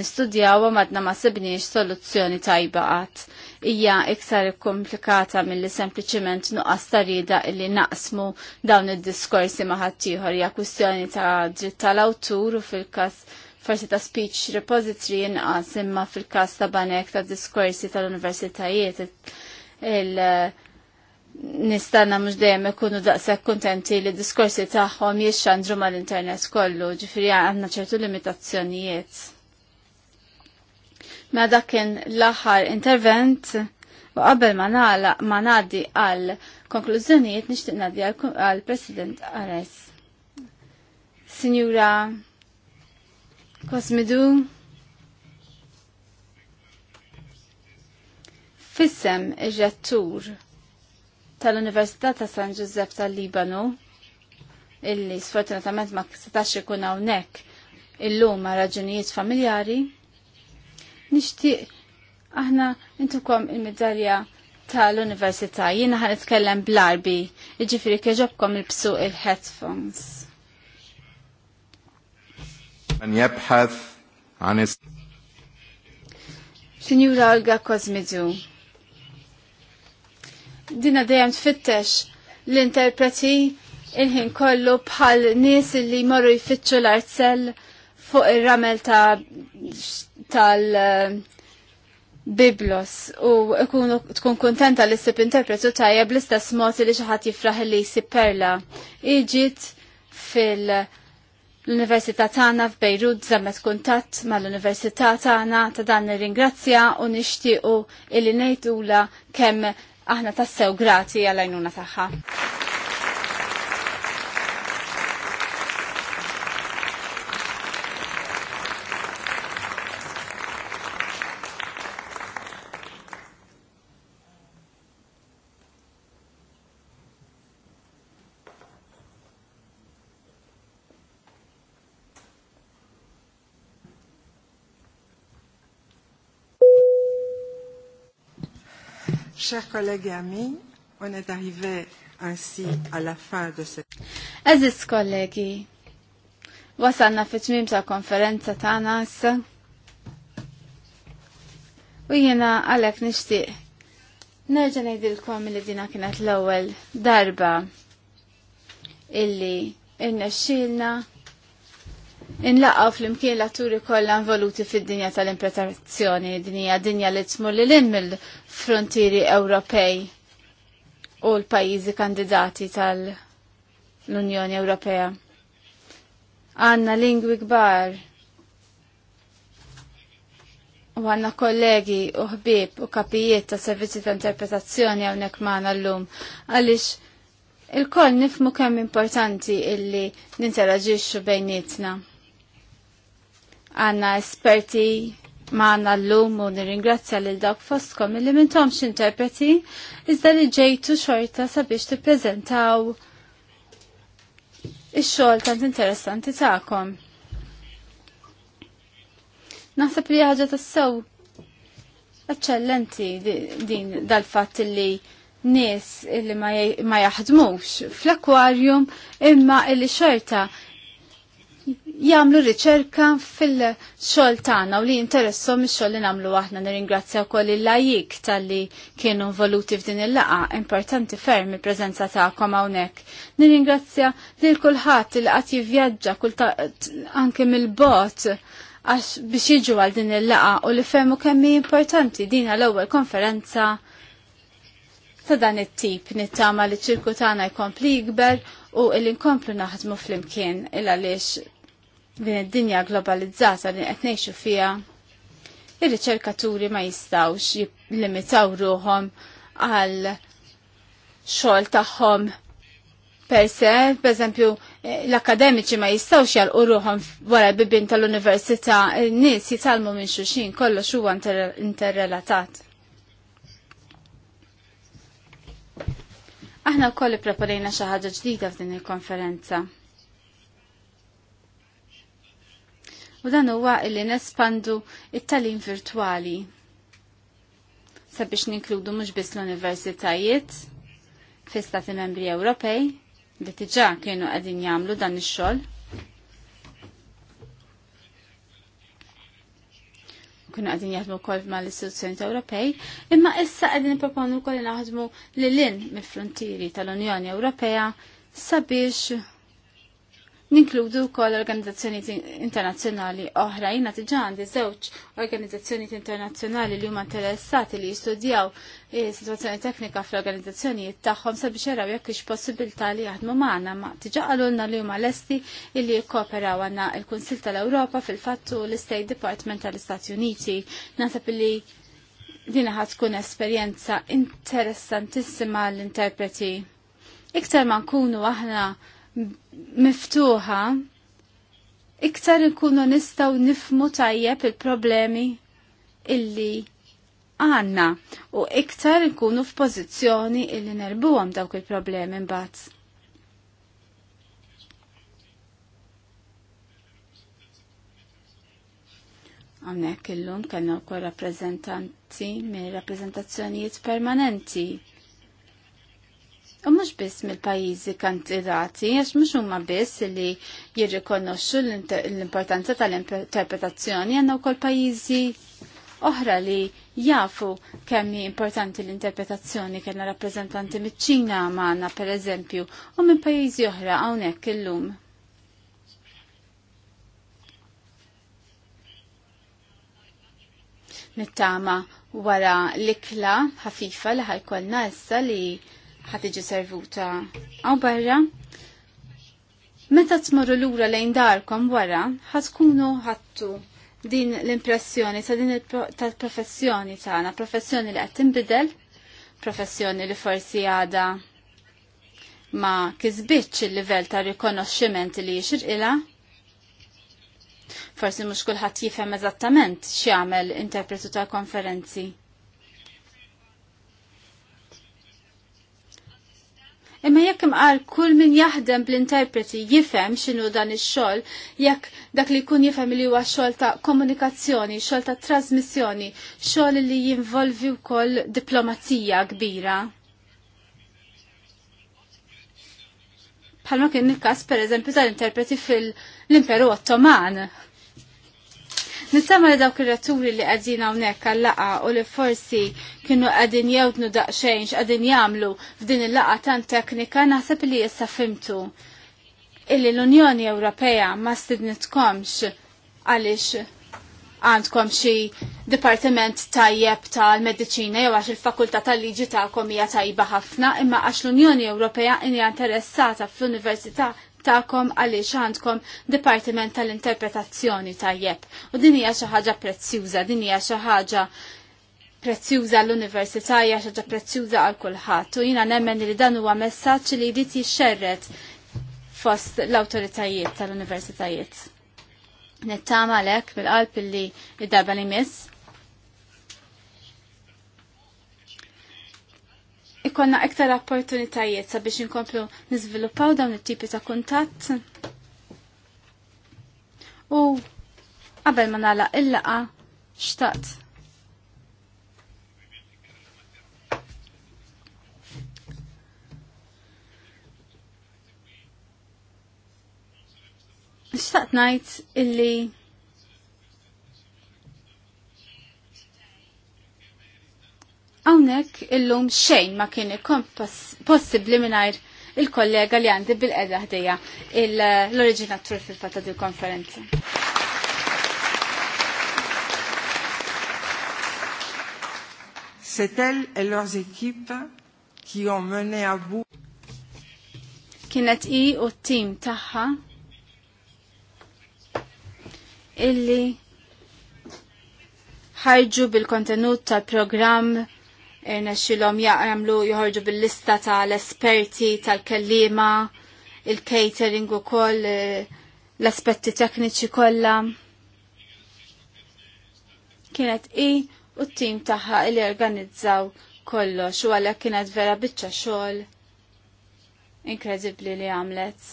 nistudjaw għamadna ma sebniex soluzzjoni tajba qatt hija iktar komplikata milli sempliciment nuqqas tarida illi naqsmu dawn id-diskorsi ma' ħaddieħor hija kwistjoni ta' dritt tal-awtur u fil-każ forsi ta' speech repository inqas imma fil-każ ta' banek ta' diskorsi tal-universitajiet il- nistanna mux dejjem ikunu daqshekk kuntenti li diskorsi tagħhom jixxandru mal-internet kollu, ġifieri għandna ċertu limitazzjonijiet. Ma dak kien l-aħħar intervent u qabel ma ngħaddi għal konklużjonijiet nixtieq ngħaddi għal President Ares. Signora Kosmidu fissem ir-rettur tal-Università ta' San Giuseppe tal-Libanu illi sfortunatament ma setax ikun hawnhekk illum ma' raġunijiet familjari nixtieq aħna intukom il-medalja tal-Università. Jiena ħan nitkellem bl-arbi, jiġifieri keġobkom il-bsuq il-headphones. Man jabħath għan Sinjura Olga Kozmidu. Dina dejjem tfittex l-interpreti il-ħin kollu bħal nies li morru jfittxu l-artsell fuq ir-ramel ta' tal- Biblos u tkun kontenta li sib interpretu tajja bl-istess mod li xaħat jifraħ li jisib perla. Iġit fil-Università tagħna f'Bejrut żammet kuntatt mal-Università tagħna ta' dan nirringrazzja u nixtiequ illi ngħidula kemm aħna tassew grati għal-għajnuna tagħha. Chers collègues et amis, on est arrivé ainsi à la fin de cette... Aziz kollegi, wasalna fit-tmim ta' konferenza ta' nas. U jiena għalek nishtiq. Nerġa' ngħidilkom li dina kienet l-ewwel darba illi irnexxielna il Inlaqaw fl-imkien l-atturi kollha involuti fid-dinja tal-impretazzjoni, dinja dinja li tmur li l-in mill-frontieri Ewropej u l-pajjiżi kandidati tal-Unjoni Ewropea. Għanna lingwi kbar u għanna kollegi u ħbib u kapijiet ta' servizzi ta' interpretazzjoni għawnek maħna l-lum għalix il-koll nifmu kemm importanti illi ninteraġiċu bejnietna għanna esperti maħna l-lum u nir-ingrazzja li dawk fostkom li mintomx interpreti iżda li ġejtu xorta sabiex t-prezentaw il-xol tant interessanti ta'kom. Naħseb li ħagġa sew eccellenti din dal-fat li nis illi ma jaħdmux fl-akwarium imma illi xorta Jamlu riċerka fil-xogħol tagħna u li interessu ix xol li nagħmlu aħna nirringrazzja wkoll il-lajik talli kienu involuti f'din il-laqa importanti ferm il prezenza tagħkom hawnhekk. Nirringrazzja lil kulħadd li qatt jivvjaġġa kultant anke mill-bot għax biex jiġu għal din il-laqa u li fermu kemmi importanti din l-ewwel konferenza ta' dan it-tip nittama li ċirku tagħna jkompli jikber u il-inkomplu naħdmu fl-imkien il għalix din id-dinja globalizzata li qed ngħixu fiha ir-riċerkaturi ma jistgħux jillimitaw ruhom għal xogħol tagħhom per se, per eżempju, l-akademiċi ma jistawx jalqu ruhom wara bibin tal-università, n-nies jitalmu minn xulxin, kollox huwa interrelatat. Aħna wkoll ippreparejna xi ħaġa ġdida f'din il-konferenza. u dan huwa li nespandu it-talim virtwali sabiex ninkludu mhux biss l-universitajiet fl-Istati Membri Ewropej li tiġà kienu qegħdin jagħmlu dan ix-xogħol. Kienu qegħdin jaħdmu wkoll mal-istituzzjoni Ewropej, imma issa qegħdin nipproponu wkoll naħdmu lil lin mill-frontieri tal-Unjoni Ewropea sabiex Ninkludu kol organizzazzjoni internazzjonali oħra, jina tiġa għandi zewċ organizzazzjoni internazzjonali li huma interessati li jistudjaw eh, situazzjoni teknika fl-organizzazzjonijiet tagħhom sabiex jaraw jekk ix possibilità li jaħdmu magħna, ma tiġa qalulna li huma lesti illi jikkooperaw għandna il-Kunsil tal-Ewropa fil-fattu l-State Department tal-Istati Uniti. Nasab li dina ħad tkun esperjenza interessantissima l-interpreti. Iktar ma nkunu aħna miftuħa, iktar nkunu nistaw nifmu tajjeb il-problemi illi għanna u iktar ikunu f'pożizzjoni illi nerbuhom dawk il-problemi mbagħad. Għamnek illum kellna wkoll rappreżentanti minn rappreżentazzjonijiet permanenti U mhux biss mill-pajjiżi kandidati, għax mhux huma biss li jirrikonoxxu l-importanza tal-interpretazzjoni għandna wkoll pajjiżi oħra li jafu kemm importanti l-interpretazzjoni kellna rappreżentanti miċ-Ċina magħna pereżempju u minn pajjiżi oħra hawnhekk illum. Nittama wara l-ikla ħafifa li ħajkolna issa li ħatiġi servuta għaw barra. Meta tmorru lura lejn darkom wara, ħatkunu ħattu din l-impressjoni ta' din il professjoni tagħna, professjoni li qed tinbidel, professjoni li forsi għada ma kisbitx il-livell ta' rikonoxximent li jixirqilha. Forsi mhux kulħadd jifhem eżattament x'jagħmel interpretu tal-konferenzi. jekk imqal kull min jaħdem bl-interpreti jifhem x'inhu dan ix-xogħol, jekk dak li jkun jifhem li huwa xogħol ta' komunikazzjoni, xogħol ta' trasmissjoni, xogħol li jinvolvi wkoll diplomazija kbira. Bħalma kien il-każ pereżempju tal-interpreti fil-Imperu Ottoman Nittama li dawk ir retturi li qegħdin hawnhekk għal-laqa u li forsi kienu qegħdin jewdnu daqsxejn għadin jagħmlu f'din il-laqa tan teknika naħseb li issa fimtu illi l-Unjoni Ewropea ma stidnitkomx għaliex għandkom xi dipartiment tajjeb tal-medicina jew għax il-fakultà tal-liġi tagħkom hija tajba ħafna, imma għax l-Unjoni Ewropea hija interessata fl-Università tagħkom għaliex għandkom Dipartiment tal-Interpretazzjoni tajjeb. U din hija xi ħaġa prezzjuża, din hija xi ħaġa prezzjuża l-università hija xi ħaġa prezzjuża għal kulħadd. U jiena nemmen li dan huwa messaġġ li jrid jixxerret fost l-awtoritajiet tal-universitajiet. Nittama lek bil-qalb illi id-darba li miss Konna iktar opportunitajiet sabiex inkomplu niżviluppaw dawn it-tipi ta' kuntatt. U qabel ma nagħlaq il-laqa xtaqt. Xtaqt ngħid illi Hawnhekk illum xejn ma kien ikon possibbli mingħajr il-kollega li għandi bil edha ħdejja l originatur fil-fatta di konferenza. C'est elle et leurs équipes qui ont mené à bout. Kienet i u tim taħħa illi ħajġu bil-kontenut tal-programm irnexxilhom jaqramlu jħorġu bil-lista tal-esperti tal-kellima, il-catering ukoll eh, l-aspetti tekniċi kollha. Kienet i u t-tim tagħha li organizzaw kollox u għalhekk kienet vera biċċa xogħol inkredibbli li għamlet.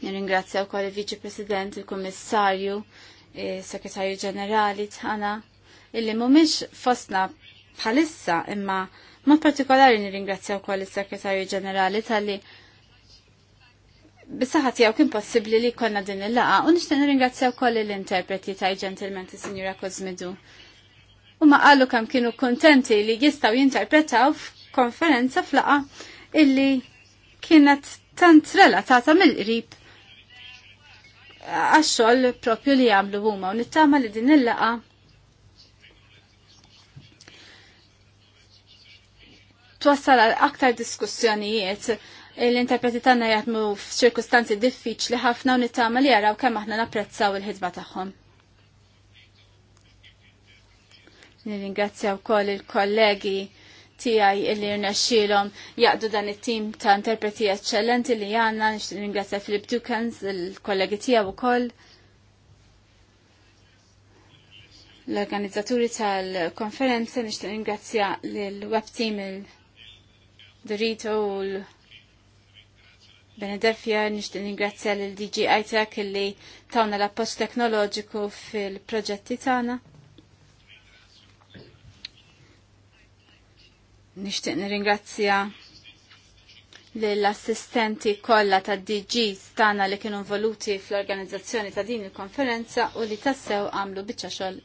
Nirringrazzja wkoll il-Viċi President, il-Kummissarju, il-Sekretarju Ġenerali tħana illi mhumiex fostna bħalissa imma mod partikolari nirringrazzja wkoll is-Sekretarju Ġenerali tal-li bisaħat jaw kien possibli li konna din il-laqa u nishtan ringrazzjaw koll l-interpreti ta' ġentilmen ta' Sinjura Kozmidu. U ma għallu kam kienu kontenti li jistaw jinterpretaw f'konferenza f'laqa illi kienet tant relatata mill-qrib għaxxol propju li għamlu huma u nittama li din il-laqa twassal għal aktar diskussjonijiet l-interpreti tagħna jaħdmu f'ċirkustanzi diffiċli ħafna u nittama li jaraw kemm aħna napprezzaw il ħidba tagħhom. Nirringrazzja wkoll il-kollegi tiegħi illi rnexxielhom jaqdu dan it-tim ta' interpreti eċċellenti li għandna nirringrazzja Filip Dukens, il-kollegi tiegħu wkoll. L-organizzaturi tal-konferenza nixtieq ringrazzja lill-web team il- Dorito u l-Benedefja nishtin ingrazzja l-DG ITEC li tawna l-appost teknoloġiku fil-proġetti tana. Nishtin ringrazzja l-assistenti kollha tad DGs tagħna li kienu involuti fl-organizzazzjoni ta' din il-konferenza u li tassew għamlu biċċa xogħol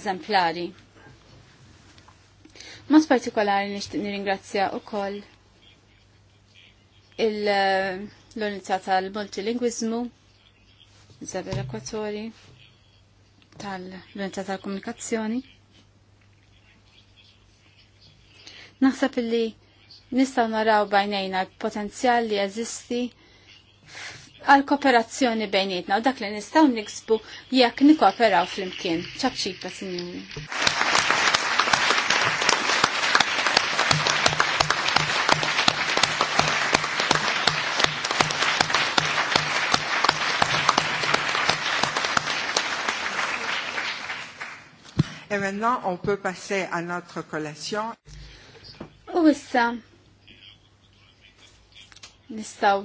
eżemplari. Mas partikolari nixtieq nirringrazzja wkoll eh, l-unità tal-multilingwiżmu, Isabel Ekwatori, tal-unità tal-komunikazzjoni. Naħseb illi nistgħu naraw bajnejna l-potenzjal li jeżisti għal kooperazzjoni bejnietna u dak li nistaw niksbu jekk nikooperaw fl-imkien. ċabċipa, sinjuri. Et maintenant, on peut passer à notre collation. Où est ça? nistaw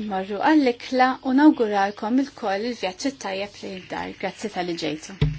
immarru għall la u il-koll il-vjaċċi tajjeb li d-dar. Grazzi tal-ġejtu.